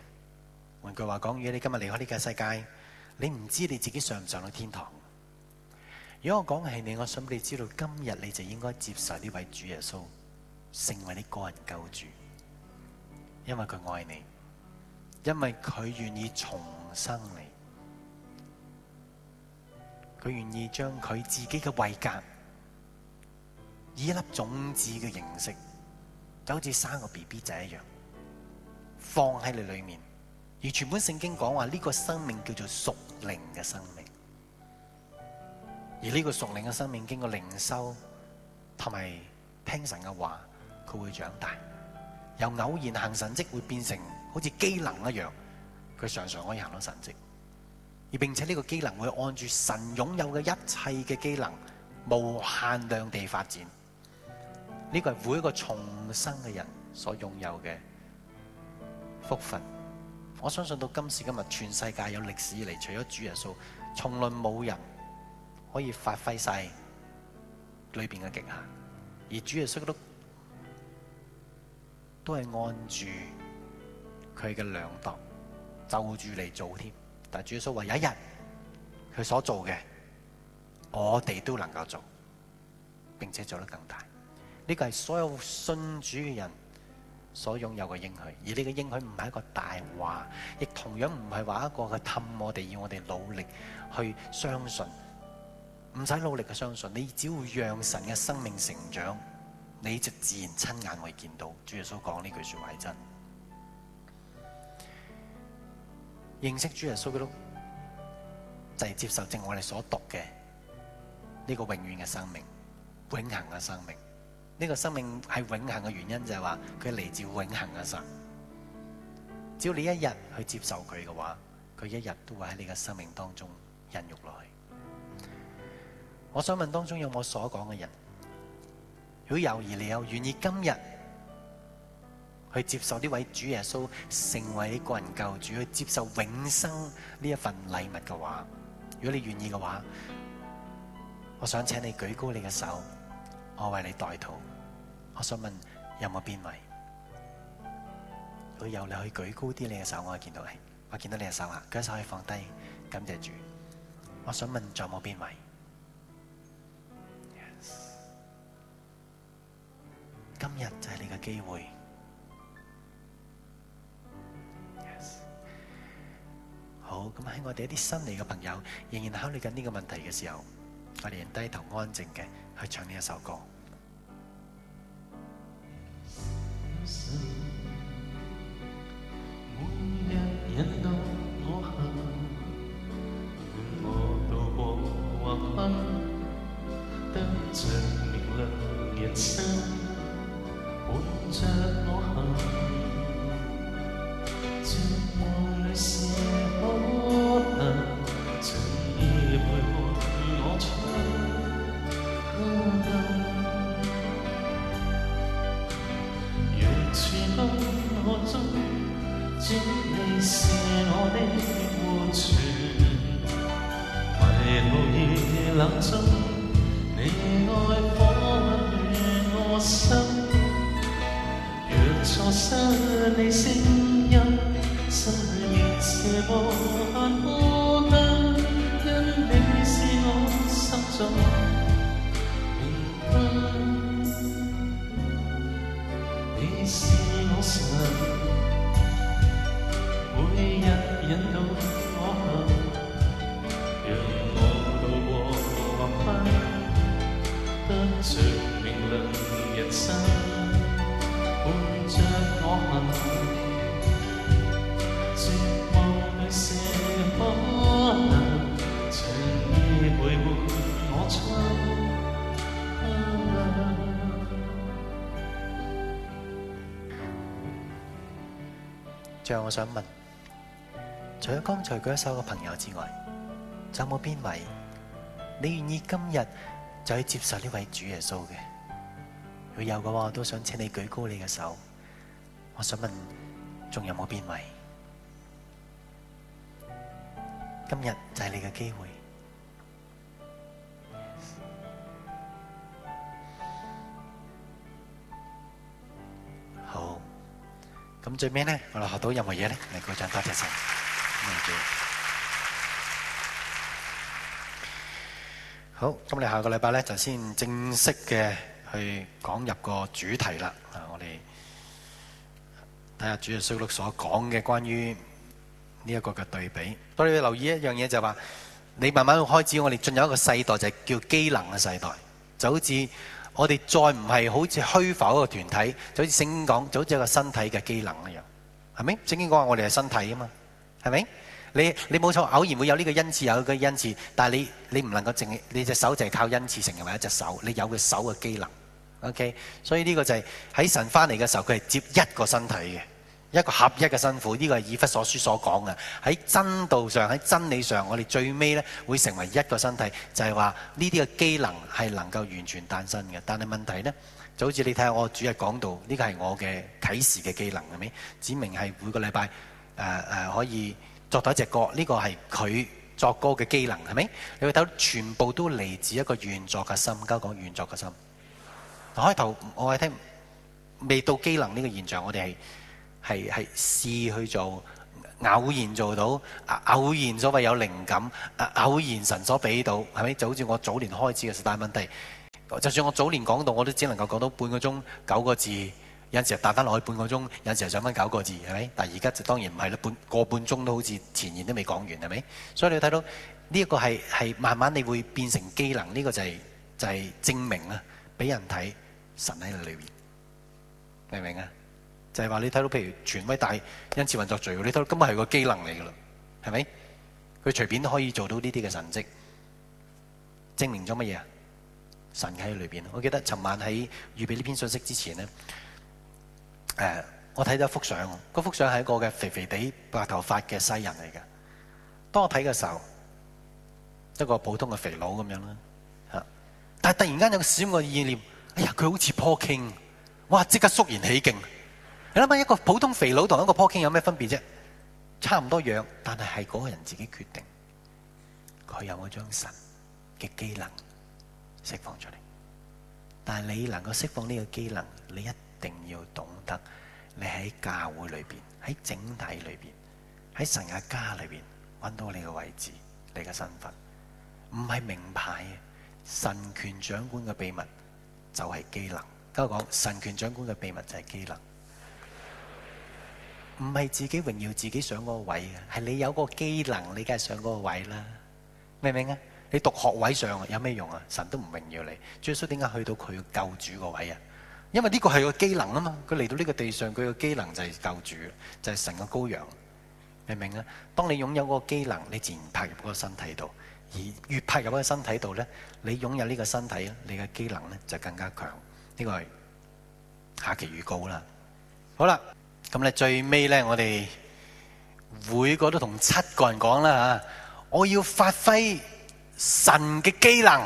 換句話講，如果你今日離開呢個世界，你唔知你自己上唔上到天堂。如果我講嘅係你，我想俾你知道，今日你就應該接受呢位主耶穌，成為你個人救主。因為佢愛你，因為佢願意重生你，佢願意將佢自己嘅位格以一粒種子嘅形式，就好似生個 B B 仔一樣，放喺你裏面。而全本聖經講話呢個生命叫做屬靈嘅生命。而呢個屬靈嘅生命經過靈修同埋聽神嘅話，佢會長大，由偶然行神蹟會變成好似機能一樣，佢常常可以行到神蹟，而並且呢個機能會按住神擁有嘅一切嘅機能無限量地發展。呢個係每一個重生嘅人所擁有嘅福分。我相信到今時今日，全世界有歷史以嚟，除咗主耶穌，從來冇人。可以發揮晒裏邊嘅極限，而主耶穌都都係按住佢嘅量度就住嚟做添。但係主耶穌話：有一日佢所做嘅，我哋都能夠做，並且做得更大。呢個係所有信主嘅人所擁有嘅應許。而呢個應許唔係一個大話，亦同樣唔係話一個去氹我哋，要我哋努力去相信。唔使努力嘅，相信你只要讓神嘅生命成長，你就自然親眼會見到主耶穌講呢句說話係真。認識主耶穌嘅咯，就係接受正我哋所讀嘅呢個永遠嘅生命，永恆嘅生命。呢個生命係永恆嘅原因就係話佢嚟自永恆嘅神。只要你一日去接受佢嘅話，佢一日都會喺你嘅生命當中孕育落去。我想問當中有冇所講嘅人？如果猶豫，你又願意今日去接受呢位主耶穌成為你個人救主，去接受永生呢一份禮物嘅話，如果你願意嘅話，我想請你舉高你嘅手，我為你代禱。我想問有冇邊位？如果有，你去舉高啲你嘅手，我可以見到你，我見到你嘅手啊，佢嘅手可以放低，感謝主。我想問仲有冇邊位？今日就係你嘅機會，Yes. 好，噉喺我哋一啲新嚟嘅朋友仍然考慮緊呢個問題嘅時候，我哋人低頭安靜嘅去唱呢一首歌。我想問，除咗剛才舉手嘅朋友之外，仲有冇邊位你願意今日就去接受呢位主耶穌嘅？如果有嘅話，我都想請你舉高你嘅手。我想問，仲有冇邊位？今日就係你嘅機會。咁最尾咧，我哋學到任何嘢咧，嚟嗰陣多謝曬。好，咁你下個禮拜咧就先正式嘅去講入個主題啦。啊，我哋睇下主耶穌所講嘅關於呢一個嘅對比。當你留意一樣嘢就係話，你慢慢開始，我哋進入一個世代就係叫機能嘅世代，就好似。我哋再唔係好似虛浮一個團體，就好似聖經講，就好似一個身體嘅機能一樣，係咪？聖經講話我哋係身體啊嘛，係咪？你你冇錯，偶然會有呢個恩賜，有嗰啲恩賜，但係你你唔能夠淨，你隻手就係靠恩賜成嘅，或者一隻手，你有佢手嘅機能。OK，所以呢個就係、是、喺神翻嚟嘅時候，佢係接一個身體嘅。一個合一嘅身份，呢、這個係以弗所書所講嘅。喺真道上，喺真理上，我哋最尾咧會成為一個身體，就係話呢啲嘅機能係能夠完全誕生嘅。但係問題呢，就好似你睇下我主日講到，呢、這個係我嘅啟示嘅機能係咪？指明係每個禮拜誒誒、呃、可以作到一隻歌，呢、這個係佢作歌嘅機能係咪？你去睇，全部都嚟自一個原作嘅心，交講原作嘅心。開頭我係聽未到機能呢個現象，我哋係。係係試去做，偶然做到，偶然所謂有靈感，偶然神所俾到，係咪就好似我早年開始嘅？但係問題，就算我早年講到，我都只能夠講到半個鐘九個字，有陣時彈翻落去半個鐘，有陣時上翻九個字，係咪？但係而家就當然唔係啦，半個半鐘都好似前言都未講完，係咪？所以你睇到呢一、這個係係慢慢你會變成技能，呢、這個就係、是、就係、是、證明啊，俾人睇神喺裏面。明唔明啊？就係話你睇到譬如傳威大恩賜運作罪，你睇到今日係個機能嚟噶啦，係咪？佢隨便都可以做到呢啲嘅神跡，證明咗乜嘢？神喺裏面。我記得尋晚喺預備呢篇信息之前咧，誒，我睇咗一幅相，幅相係一個嘅肥肥地白頭髮嘅西人嚟嘅。當我睇嘅時候，一個普通嘅肥佬咁樣啦，吓！但係突然間有少小嘅意念，哎呀，佢好似 Paul King，哇！即刻肅然起敬。你諗下，一個普通肥佬同一個 pokey 有咩分別啫？差唔多樣，但係係嗰個人自己決定，佢有冇將神嘅機能釋放出嚟。但係你能夠釋放呢個機能，你一定要懂得，你喺教會裏邊，喺整體裏邊，喺神嘅家裏邊揾到你嘅位置，你嘅身份唔係名牌。神權掌管嘅秘密就係機能。跟我講神權掌管嘅秘密就係機能。唔係自己榮耀自己上嗰個位嘅，係你有個機能，你梗係上嗰個位啦。明唔明啊？你讀學位上，有咩用啊？神都唔榮耀你。耶穌點解去到佢救主個位啊？因為呢個係個機能啊嘛。佢嚟到呢個地上，佢個機能就係救主，就係、是、神個羔羊。明唔明啊？當你擁有嗰個機能，你自然拍入嗰個身體度。而越拍入個身體度咧，你擁有呢個身體，你嘅機能咧就更加強。呢、這個係下期預告啦。好啦。咁咧最尾咧，我哋每個都同七個人講啦嚇，我要發揮神嘅機能。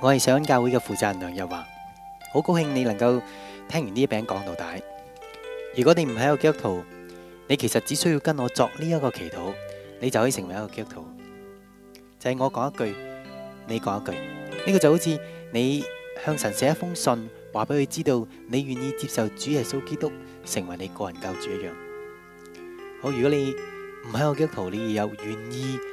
我係上恩教會嘅負責人梁日華，好高興你能夠聽完呢一餅講到底。如果你唔喺個基督徒，你其實只需要跟我作呢一個祈禱，你就可以成為一個基督徒。就係我講一句，你講一句，呢個就好似你向神寫一封信，話俾佢知道你願意接受主耶穌基督成為你個人教主一樣。好，如果你唔喺個基督徒，你又願意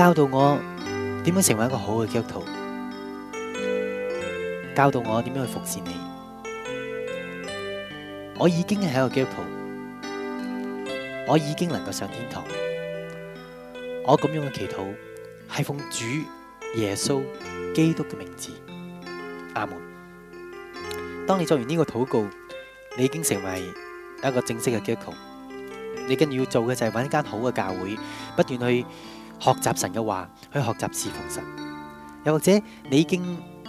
教導我點樣成為一個好嘅基督徒，教導我點樣去服侍你。我已經係一個基督徒，我已經能夠上天堂。我咁樣嘅祈禱係奉主耶穌基督嘅名字，阿門。當你作完呢個禱告，你已經成為一個正式嘅基督徒。你跟住要做嘅就係揾一間好嘅教會，不斷去。學習神嘅話，去學習侍奉神。又或者你已經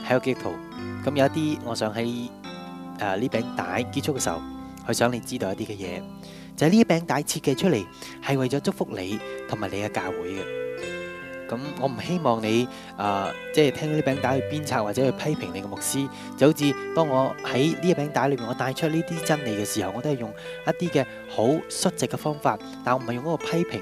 喺個基督徒，咁有一啲，我想喺誒呢餅帶結束嘅時候，去想你知道一啲嘅嘢。就係、是，呢一餅帶設計出嚟，係為咗祝福你同埋你嘅教會嘅。咁我唔希望你誒、呃，即係聽到呢餅帶去鞭策或者去批評你嘅牧師。就好似當我喺呢一餅帶裏面我帶出呢啲真理嘅時候，我都係用一啲嘅好率直嘅方法，但我唔係用嗰個批評